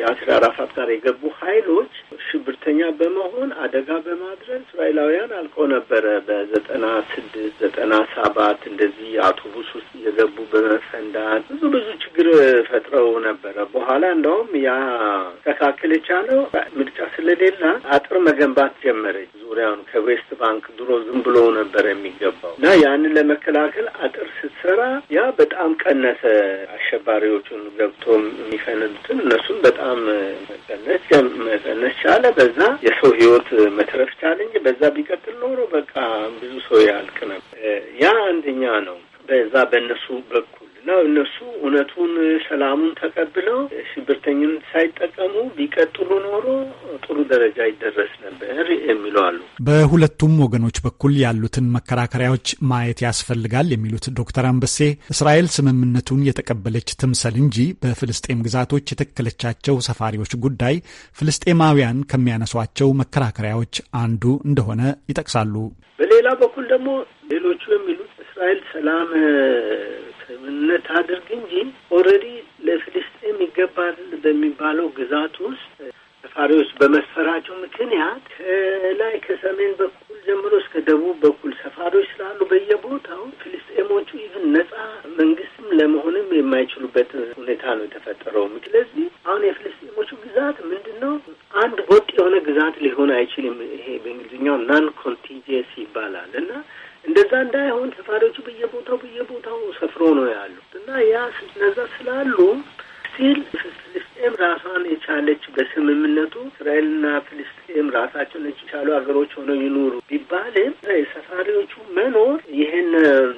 የአሲር አራፋት ጋር የገቡ ሀይሎች ሽብርተኛ በመሆን አደጋ በማድረግ እስራኤላውያን አልቀው ነበረ። በዘጠና ስድስት ዘጠና ሰባት እንደዚህ አውቶቡስ ውስጥ እየገቡ በመፈንዳት ብዙ ብዙ ችግር ፈጥረው ነበረ። በኋላ እንደውም ያ ተካክል የቻለው ምርጫ ስለሌላ አጥር መገንባት ጀመረች። ዙሪያውን ከዌስት ባንክ ድሮ ዝም ብሎ ነበር የሚገባው እና ያንን ለመከላከል አጥር ስትሰራ ያ በጣም ቀነሰ። አሸባሪዎቹን ገብቶ የሚፈነዱትን እነሱን በጣም መቀነስ መቀነስ ቻለ። በዛ የሰው ህይወት መትረፍ ቻለ እንጂ በዛ ቢቀጥል ኖሮ በቃ ብዙ ሰው ያልቅ ነበር። ያ አንደኛ ነው። በዛ በእነሱ በኩል እና እነሱ እውነቱን ሰላሙን ተቀብለው ሽብርተኝን ሳይጠቀሙ ቢቀጥሉ ኖሮ ጥሩ ደረጃ ይደረስ ነበር የሚሉ አሉ። በሁለቱም ወገኖች በኩል ያሉትን መከራከሪያዎች ማየት ያስፈልጋል የሚሉት ዶክተር አንበሴ እስራኤል ስምምነቱን የተቀበለች ትምሰል እንጂ በፍልስጤም ግዛቶች የተከለቻቸው ሰፋሪዎች ጉዳይ ፍልስጤማውያን ከሚያነሷቸው መከራከሪያዎች አንዱ እንደሆነ ይጠቅሳሉ። በሌላ በኩል ደግሞ ሌሎቹ የሚሉት እስራኤል ሰላም ስምምነት አድርግ እንጂ ኦልሬዲ ለፊልስጤም ይገባል በሚባለው ግዛት ውስጥ ሰፋሪዎች በመስፈራቸው ምክንያት ከላይ ከሰሜን በኩል ጀምሮ እስከ ደቡብ በኩል ሰፋሪዎች ስላሉ በየቦታው ፊልስጤሞቹ ይህን ነጻ መንግስትም ለመሆንም የማይችሉበት ሁኔታ ነው የተፈጠረው። ስለዚህ አሁን የፊልስጤሞቹ ግዛት ምንድን ነው? አንድ ወጥ የሆነ ግዛት ሊሆን አይችልም። ይሄ በእንግሊዝኛው ናን ኮንቲንጀንስ ይባላል እና እንደዛ እንዳይሆን ሰፋሪዎቹ በየቦታው በየቦታው ሰፍሮ ነው ያሉ እና ያ እነዛ ስላሉ ሲል ፍልስጤም ራሷን የቻለች በስምምነቱ እስራኤልና ፍልስጤም ራሳቸውን የቻሉ ሀገሮች ሆነው ይኑሩ ቢባልም የሰፋሪዎቹ መኖር ይህን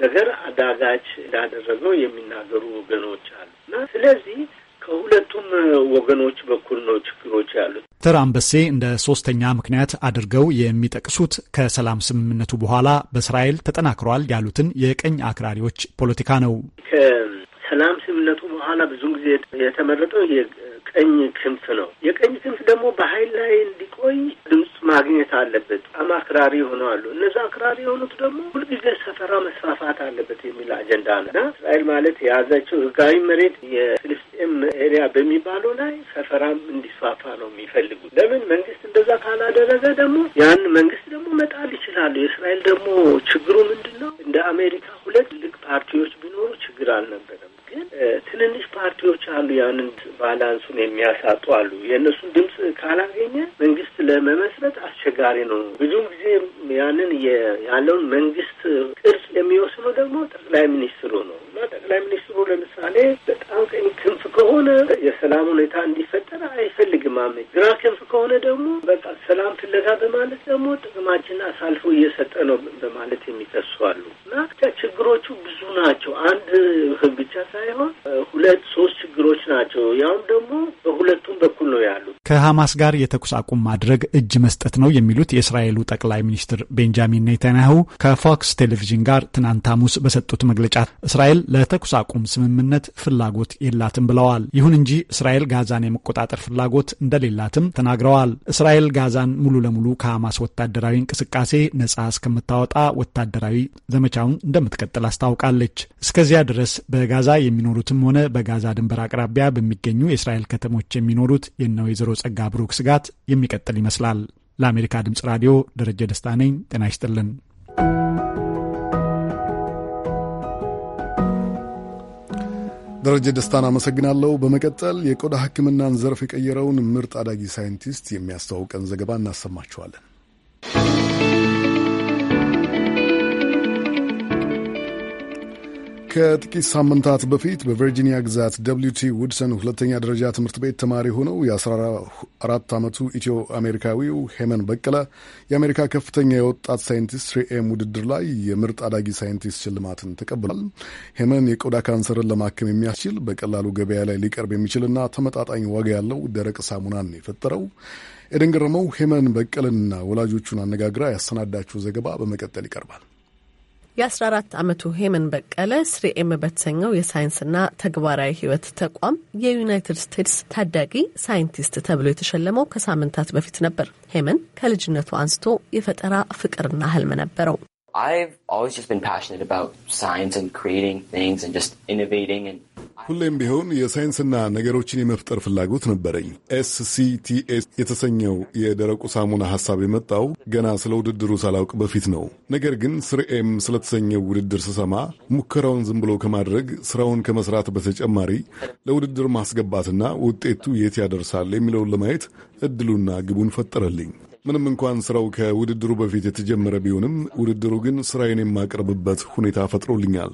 ነገር አዳጋች እንዳደረገው የሚናገሩ ወገኖች አሉ እና ስለዚህ ከሁለቱም ወገኖች በኩል ነው ችግሮች ያሉት። ዶክተር አንበሴ እንደ ሶስተኛ ምክንያት አድርገው የሚጠቅሱት ከሰላም ስምምነቱ በኋላ በእስራኤል ተጠናክሯል ያሉትን የቀኝ አክራሪዎች ፖለቲካ ነው። ከሰላም ከእምነቱ በኋላ ብዙ ጊዜ የተመረጠው የቀኝ ክንፍ ነው። የቀኝ ክንፍ ደግሞ በኃይል ላይ እንዲቆይ ድምፅ ማግኘት አለበት። በጣም አክራሪ ሆነዋሉ። እነዚ አክራሪ የሆኑት ደግሞ ሁልጊዜ ሰፈራ መስፋፋት አለበት የሚል አጀንዳ ነው እና እስራኤል ማለት የያዛቸው ህጋዊ መሬት የፍልስጤም ኤሪያ በሚባለው ላይ ሰፈራም እንዲስፋፋ ነው የሚፈልጉት። ለምን መንግስት እንደዛ ካላደረገ ደግሞ ያን መንግስት ደግሞ መጣል ይችላሉ። የእስራኤል ደግሞ ችግሩ ምንድን ነው? እንደ አሜሪካ ሁለት ትልቅ ፓርቲዎች ቢኖሩ ችግር አልነበረም። ግን ትንንሽ ፓርቲዎች አሉ፣ ያንን ባላንሱን የሚያሳጡ አሉ። የእነሱን ድምፅ ካላገኘ መንግስት ለመመስረት አስቸጋሪ ነው። ብዙም ጊዜ ያንን ያለውን መንግስት ቅርጽ የሚወስኑ ደግሞ ጠቅላይ ሚኒስትሩ ነው እና ጠቅላይ ሚኒስትሩ ለምሳሌ በጣም ቀኝ ክንፍ ከሆነ የሰላም ሁኔታ እንዲፈጠር አይፈልግም። አመ ግራ ክንፍ ከሆነ ደግሞ በቃ ሰላም ፍለጋ በማለት ደግሞ ጥቅማችን አሳልፎ እየሰጠ ነው በማለት የሚከሱ አሉ እና ችግሮቹ ብዙ ናቸው። አንድ ብቻ ሳይ ሳይሆን ሁለት ሶስት ችግሮች ናቸው። ያውም ደግሞ በሁለቱም በኩል ነው ያሉት። ከሐማስ ጋር የተኩስ አቁም ማድረግ እጅ መስጠት ነው የሚሉት የእስራኤሉ ጠቅላይ ሚኒስትር ቤንጃሚን ኔታንያሁ ከፎክስ ቴሌቪዥን ጋር ትናንት ሐሙስ በሰጡት መግለጫ እስራኤል ለተኩስ አቁም ስምምነት ፍላጎት የላትም ብለዋል። ይሁን እንጂ እስራኤል ጋዛን የመቆጣጠር ፍላጎት እንደሌላትም ተናግረዋል። እስራኤል ጋዛን ሙሉ ለሙሉ ከሐማስ ወታደራዊ እንቅስቃሴ ነጻ እስከምታወጣ ወታደራዊ ዘመቻውን እንደምትቀጥል አስታውቃለች። እስከዚያ ድረስ በጋዛ የሚኖሩትም ሆነ በጋዛ ድንበር አቅራቢያ በሚገኙ የእስራኤል ከተሞች የሚኖሩት የነ ወይዘሮ ጸጋ ብሩክ ስጋት የሚቀጥል ይመስላል። ለአሜሪካ ድምጽ ራዲዮ ደረጀ ደስታ ነኝ። ጤና ይስጥልን። ደረጀ ደስታን አመሰግናለሁ። በመቀጠል የቆዳ ሕክምናን ዘርፍ የቀየረውን ምርጥ አዳጊ ሳይንቲስት የሚያስተዋውቀን ዘገባ እናሰማችኋለን። ከጥቂት ሳምንታት በፊት በቨርጂኒያ ግዛት ደብሊው ውድሰን ሁለተኛ ደረጃ ትምህርት ቤት ተማሪ ሆነው የ14 ዓመቱ ኢትዮ አሜሪካዊው ሄመን በቀለ የአሜሪካ ከፍተኛ የወጣት ሳይንቲስት ሪኤም ውድድር ላይ የምርጥ አዳጊ ሳይንቲስት ሽልማትን ተቀብሏል። ሄመን የቆዳ ካንሰርን ለማከም የሚያስችል በቀላሉ ገበያ ላይ ሊቀርብ የሚችልና ተመጣጣኝ ዋጋ ያለው ደረቅ ሳሙናን የፈጠረው ኤደን ገረመው ሄመን በቀለንና ወላጆቹን አነጋግራ ያሰናዳችው ዘገባ በመቀጠል ይቀርባል። የ14 ዓመቱ ሄመን በቀለ ስሪኤም በተሰኘው የሳይንስና ተግባራዊ ሕይወት ተቋም የዩናይትድ ስቴትስ ታዳጊ ሳይንቲስት ተብሎ የተሸለመው ከሳምንታት በፊት ነበር። ሄመን ከልጅነቱ አንስቶ የፈጠራ ፍቅርና ህልም ነበረው። ሁሌም ቢሆን የሳይንስና ነገሮችን የመፍጠር ፍላጎት ነበረኝ። ኤስሲቲኤስ የተሰኘው የደረቁ ሳሙና ሐሳብ የመጣው ገና ስለ ውድድሩ ሳላውቅ በፊት ነው። ነገር ግን ስርኤም ስለተሰኘው ውድድር ስሰማ ሙከራውን ዝም ብሎ ከማድረግ ስራውን ከመስራት በተጨማሪ ለውድድር ማስገባትና ውጤቱ የት ያደርሳል የሚለውን ለማየት እድሉና ግቡን ፈጠረልኝ። ምንም እንኳን ስራው ከውድድሩ በፊት የተጀመረ ቢሆንም ውድድሩ ግን ስራዬን የማቀርብበት ሁኔታ ፈጥሮልኛል።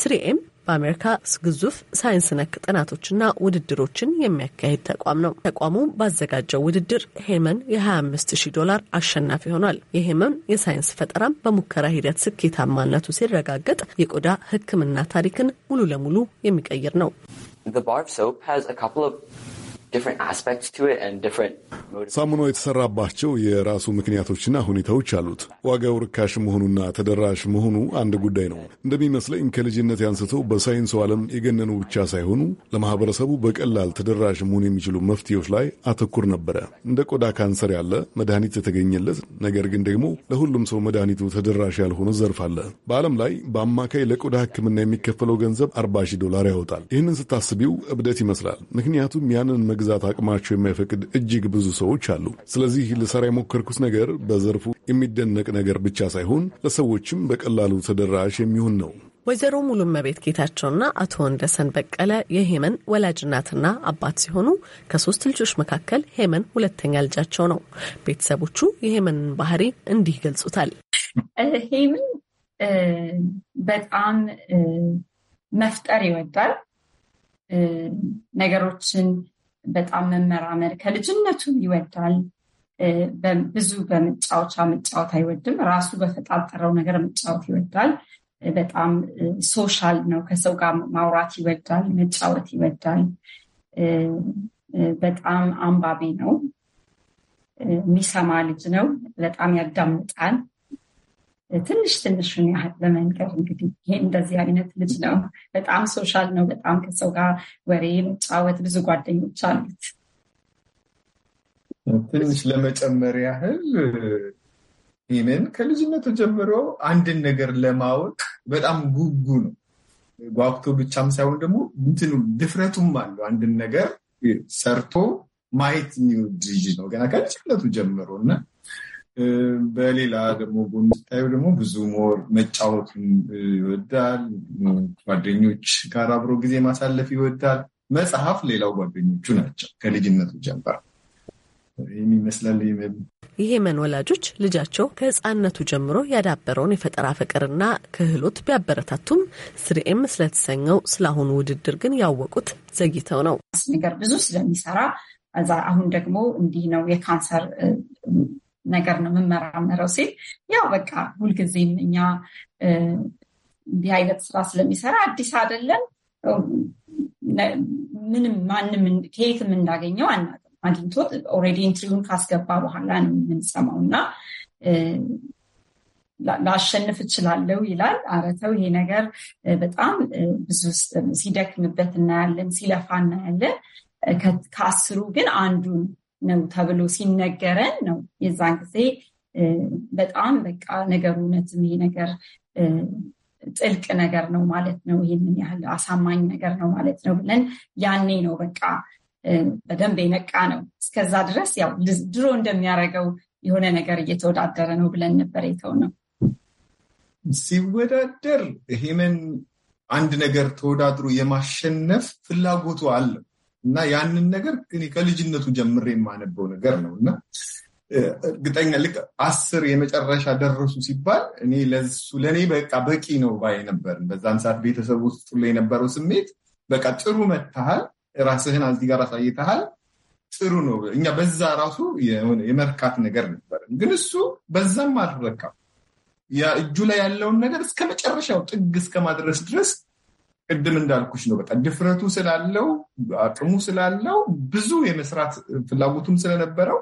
ስሪኤም በአሜሪካ ግዙፍ ሳይንስ ነክ ጥናቶችና ውድድሮችን የሚያካሄድ ተቋም ነው። ተቋሙ ባዘጋጀው ውድድር ሄመን የ25 ሺህ ዶላር አሸናፊ ሆኗል። የሄመን የሳይንስ ፈጠራም በሙከራ ሂደት ስኬታማነቱ ሲረጋገጥ የቆዳ ሕክምና ታሪክን ሙሉ ለሙሉ የሚቀይር ነው። ሳሙናው የተሰራባቸው የራሱ ምክንያቶችና ሁኔታዎች አሉት። ዋጋው ርካሽ መሆኑና ተደራሽ መሆኑ አንድ ጉዳይ ነው። እንደሚመስለኝ ከልጅነት ያንስተው በሳይንሱ ዓለም የገነኑ ብቻ ሳይሆኑ ለማህበረሰቡ በቀላል ተደራሽ መሆኑ የሚችሉ መፍትሄዎች ላይ አተኩር ነበረ። እንደ ቆዳ ካንሰር ያለ መድኃኒት የተገኘለት ነገር ግን ደግሞ ለሁሉም ሰው መድኃኒቱ ተደራሽ ያልሆነ ዘርፍ አለ። በዓለም ላይ በአማካይ ለቆዳ ሕክምና የሚከፈለው ገንዘብ 40 ዶላር ያወጣል። ይህንን ስታስቢው እብደት ይመስላል። ምክንያቱም ያንን የመግዛት አቅማቸው የማይፈቅድ እጅግ ብዙ ሰዎች አሉ። ስለዚህ ልሰራ የሞከርኩት ነገር በዘርፉ የሚደነቅ ነገር ብቻ ሳይሆን ለሰዎችም በቀላሉ ተደራሽ የሚሆን ነው። ወይዘሮ ሙሉ መቤት ጌታቸውና አቶ ወንደሰን በቀለ የሄመን ወላጅናትና አባት ሲሆኑ ከሶስት ልጆች መካከል ሄመን ሁለተኛ ልጃቸው ነው። ቤተሰቦቹ የሄመንን ባህሪ እንዲህ ይገልጹታል። ሄመን በጣም መፍጠር ይወዳል። ነገሮችን በጣም መመራመር ከልጅነቱ ይወዳል። ብዙ በመጫወቻ መጫወት አይወድም። ራሱ በፈጣጠረው ነገር መጫወት ይወዳል። በጣም ሶሻል ነው። ከሰው ጋር ማውራት ይወዳል፣ መጫወት ይወዳል። በጣም አንባቢ ነው። የሚሰማ ልጅ ነው። በጣም ያዳምጣል። ትንሽ ትንሹን ያህል ለመንገር እንግዲህ ይሄ እንደዚህ አይነት ልጅ ነው። በጣም ሶሻል ነው። በጣም ከሰው ጋር ወሬ መጫወት፣ ብዙ ጓደኞች አሉት። ትንሽ ለመጨመር ያህል ይህንን ከልጅነቱ ጀምሮ አንድን ነገር ለማወቅ በጣም ጉጉ ነው። ጓጉቶ ብቻም ሳይሆን ደግሞ እንትኑ ድፍረቱም አለው። አንድን ነገር ሰርቶ ማየት የሚወድ ልጅ ነው ገና ከልጅነቱ ጀምሮ እና በሌላ ደግሞ ጎን ስታዩ ደግሞ ብዙ ሞር መጫወቱን ይወዳል። ጓደኞች ጋር አብሮ ጊዜ ማሳለፍ ይወዳል። መጽሐፍ ሌላው ጓደኞቹ ናቸው ከልጅነቱ ጀምሮ ይመስላል። ይሄ ወላጆች ልጃቸው ከህፃንነቱ ጀምሮ ያዳበረውን የፈጠራ ፍቅርና ክህሎት ቢያበረታቱም ስርኤም ስለተሰኘው ስለአሁኑ ውድድር ግን ያወቁት ዘግይተው ነው። ነገር ብዙ ስለሚሰራ አሁን ደግሞ እንዲህ ነው የካንሰር ነገር ነው የምመራመረው ሲል ያው በቃ ሁልጊዜም እኛ እንዲህ አይነት ስራ ስለሚሰራ አዲስ አይደለም። ምንም ማንም ከየትም እንዳገኘው አናውቅም። አግኝቶ ኦልሬዲ ኢንትሪውን ካስገባ በኋላ ነው የምንሰማው እና ላሸንፍ እችላለሁ ይላል። አረተው ይሄ ነገር በጣም ብዙ ሲደክምበት እናያለን፣ ሲለፋ እናያለን። ከአስሩ ግን አንዱን ነው ተብሎ ሲነገረን ነው የዛን ጊዜ በጣም በቃ ነገሩ እውነትም ይሄ ነገር ጥልቅ ነገር ነው ማለት ነው፣ ይህንን ያህል አሳማኝ ነገር ነው ማለት ነው ብለን ያኔ ነው በቃ በደንብ የነቃ ነው። እስከዛ ድረስ ያው ድሮ እንደሚያደርገው የሆነ ነገር እየተወዳደረ ነው ብለን ነበር የተው ነው። ሲወዳደር ይሄንን አንድ ነገር ተወዳድሮ የማሸነፍ ፍላጎቱ አለው እና ያንን ነገር ከልጅነቱ ጀምሬ የማነበው ነገር ነው እና እርግጠኛ ልክ አስር የመጨረሻ ደረሱ ሲባል እኔ ለሱ ለእኔ በቃ በቂ ነው ባይ ነበር። በዛን ሰዓት ቤተሰብ ውስጥ ላይ የነበረው ስሜት በቃ ጥሩ መታሃል፣ ራስህን እዚህ ጋር አሳይተሃል፣ ጥሩ ነው። እኛ በዛ ራሱ የመርካት ነገር ነበር፣ ግን እሱ በዛም አልረካም። እጁ ላይ ያለውን ነገር እስከ መጨረሻው ጥግ እስከ ማድረስ ድረስ ቅድም እንዳልኩሽ ነው። በቃ ድፍረቱ ስላለው አቅሙ ስላለው ብዙ የመስራት ፍላጎቱም ስለነበረው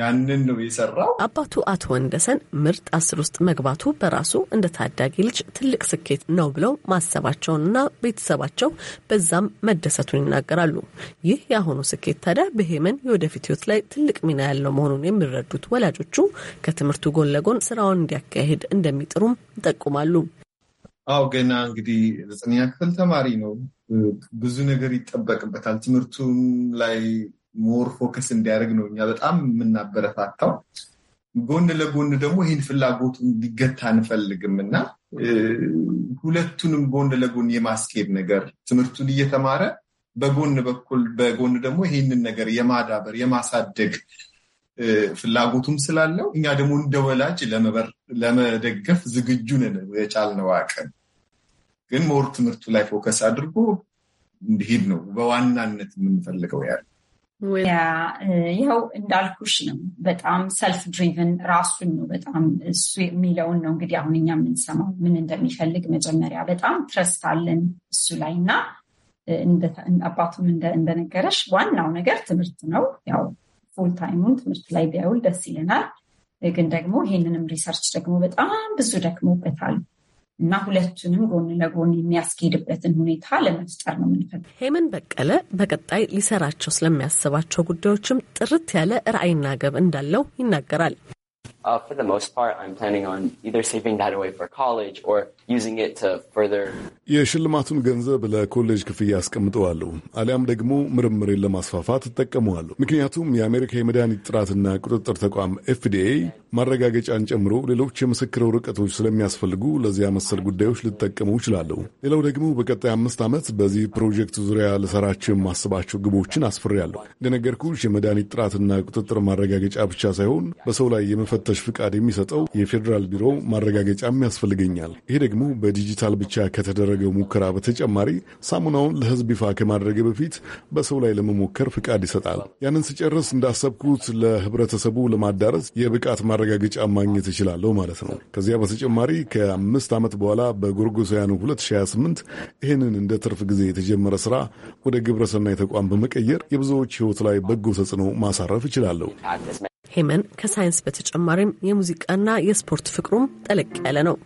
ያንን ነው የሰራው። አባቱ አቶ ወንደሰን ምርጥ አስር ውስጥ መግባቱ በራሱ እንደ ታዳጊ ልጅ ትልቅ ስኬት ነው ብለው ማሰባቸውንና ቤተሰባቸው በዛም መደሰቱን ይናገራሉ። ይህ የአሁኑ ስኬት ታዲያ በሄመን የወደፊት ሕይወት ላይ ትልቅ ሚና ያለው መሆኑን የሚረዱት ወላጆቹ ከትምህርቱ ጎን ለጎን ስራውን እንዲያካሄድ እንደሚጥሩም ይጠቁማሉ። አው ገና እንግዲህ ዘጠነኛ ክፍል ተማሪ ነው። ብዙ ነገር ይጠበቅበታል። ትምህርቱም ላይ ሞር ፎከስ እንዲያደርግ ነው እኛ በጣም የምናበረታታው። ጎን ለጎን ደግሞ ይህን ፍላጎቱ እንዲገታ አንፈልግም እና ሁለቱንም ጎን ለጎን የማስኬድ ነገር ትምህርቱን እየተማረ በጎን በኩል በጎን ደግሞ ይህንን ነገር የማዳበር የማሳደግ ፍላጎቱም ስላለው እኛ ደግሞ እንደ ወላጅ ለመደገፍ ዝግጁ ነን። የቻልነው አቅም ግን ሞር ትምህርቱ ላይ ፎከስ አድርጎ እንዲሄድ ነው በዋናነት የምንፈልገው ያለ ያው እንዳልኩሽ ነው። በጣም ሰልፍ ድሪቨን ራሱን ነው በጣም እሱ የሚለውን ነው እንግዲህ አሁን እኛ የምንሰማው ምን እንደሚፈልግ መጀመሪያ በጣም ትረስት አለን እሱ ላይ እና አባቱም እንደነገረሽ ዋናው ነገር ትምህርት ነው። ያው ፉል ታይሙን ትምህርት ላይ ቢያውል ደስ ይለናል። ግን ደግሞ ይሄንንም ሪሰርች ደግሞ በጣም ብዙ ደክሞበታል። እና ሁለቱንም ጎን ለጎን የሚያስኬድበትን ሁኔታ ለመፍጠር ነው የምንፈልገው። ሄመን በቀለ በቀጣይ ሊሰራቸው ስለሚያስባቸው ጉዳዮችም ጥርት ያለ ራዕይና ገብ እንዳለው ይናገራል። uh, የሽልማቱን ገንዘብ ለኮሌጅ ክፍያ አስቀምጠዋለሁ አሊያም ደግሞ ምርምሬን ለማስፋፋት እጠቀመዋለሁ። ምክንያቱም የአሜሪካ የመድኃኒት ጥራትና ቁጥጥር ተቋም ኤፍዲኤ ማረጋገጫን ጨምሮ ሌሎች የምስክር ወረቀቶች ስለሚያስፈልጉ ለዚያ መሰል ጉዳዮች ልጠቀሙ ይችላለሁ። ሌላው ደግሞ በቀጣይ አምስት ዓመት በዚህ ፕሮጀክት ዙሪያ ልሰራቸው የማስባቸው ግቦችን አስፍሬያለሁ። እንደነገርኩሽ የመድኃኒት ጥራትና ቁጥጥር ማረጋገጫ ብቻ ሳይሆን በሰው ላይ የመፈተሽ ፍቃድ የሚሰጠው የፌዴራል ቢሮ ማረጋገጫም ያስፈልገኛል። ይሄ ደግሞ ደግሞ በዲጂታል ብቻ ከተደረገው ሙከራ በተጨማሪ ሳሙናውን ለሕዝብ ይፋ ከማድረግ በፊት በሰው ላይ ለመሞከር ፍቃድ ይሰጣል። ያንን ስጨርስ እንዳሰብኩት ለህብረተሰቡ ለማዳረስ የብቃት ማረጋገጫ ማግኘት እችላለሁ ማለት ነው። ከዚያ በተጨማሪ ከአምስት ዓመት በኋላ በጎርጎሳውያኑ 2028 ይህንን እንደ ትርፍ ጊዜ የተጀመረ ስራ ወደ ግብረሰናይ ተቋም በመቀየር የብዙዎች ህይወት ላይ በጎ ተጽዕኖ ማሳረፍ እችላለሁ። ሄመን ከሳይንስ በተጨማሪም የሙዚቃና የስፖርት ፍቅሩም ጠለቅ ያለ ነው።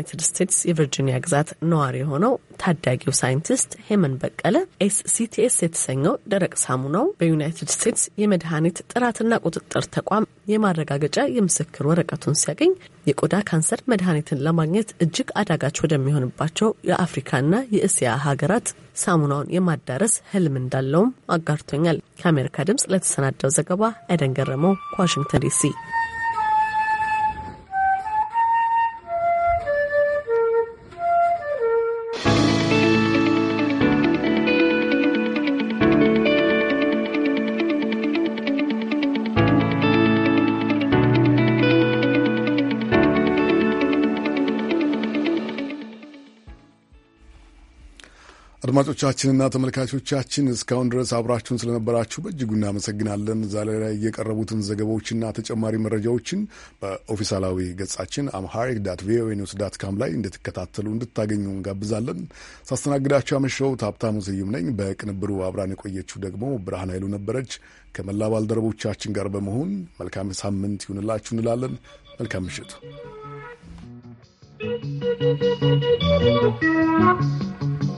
የዩናይትድ ስቴትስ የቨርጂኒያ ግዛት ነዋሪ የሆነው ታዳጊው ሳይንቲስት ሄመን በቀለ ኤስሲቲኤስ የተሰኘው ደረቅ ሳሙናው በዩናይትድ ስቴትስ የመድኃኒት ጥራትና ቁጥጥር ተቋም የማረጋገጫ የምስክር ወረቀቱን ሲያገኝ የቆዳ ካንሰር መድኃኒትን ለማግኘት እጅግ አዳጋች ወደሚሆንባቸው የአፍሪካና የእስያ ሀገራት ሳሙናውን የማዳረስ ህልም እንዳለውም አጋርቶኛል። ከአሜሪካ ድምፅ ለተሰናደው ዘገባ አይደን ገረመው ከዋሽንግተን ዲሲ አድማጮቻችንና ተመልካቾቻችን እስካሁን ድረስ አብራችሁን ስለነበራችሁ በእጅጉ እናመሰግናለን። ዛሬ ላይ የቀረቡትን ዘገባዎችና ተጨማሪ መረጃዎችን በኦፊሳላዊ ገጻችን አምሃሪክ ዳት ቪኦኤ ኒውስ ዳት ካም ላይ እንድትከታተሉ እንድታገኙ እንጋብዛለን። ሳስተናግዳችሁ አመሸሁት ሀብታሙ ስዩም ነኝ። በቅንብሩ አብራን የቆየችው ደግሞ ብርሃን ኃይሉ ነበረች። ከመላ ባልደረቦቻችን ጋር በመሆን መልካም ሳምንት ይሁንላችሁ እንላለን። መልካም ምሽቱ።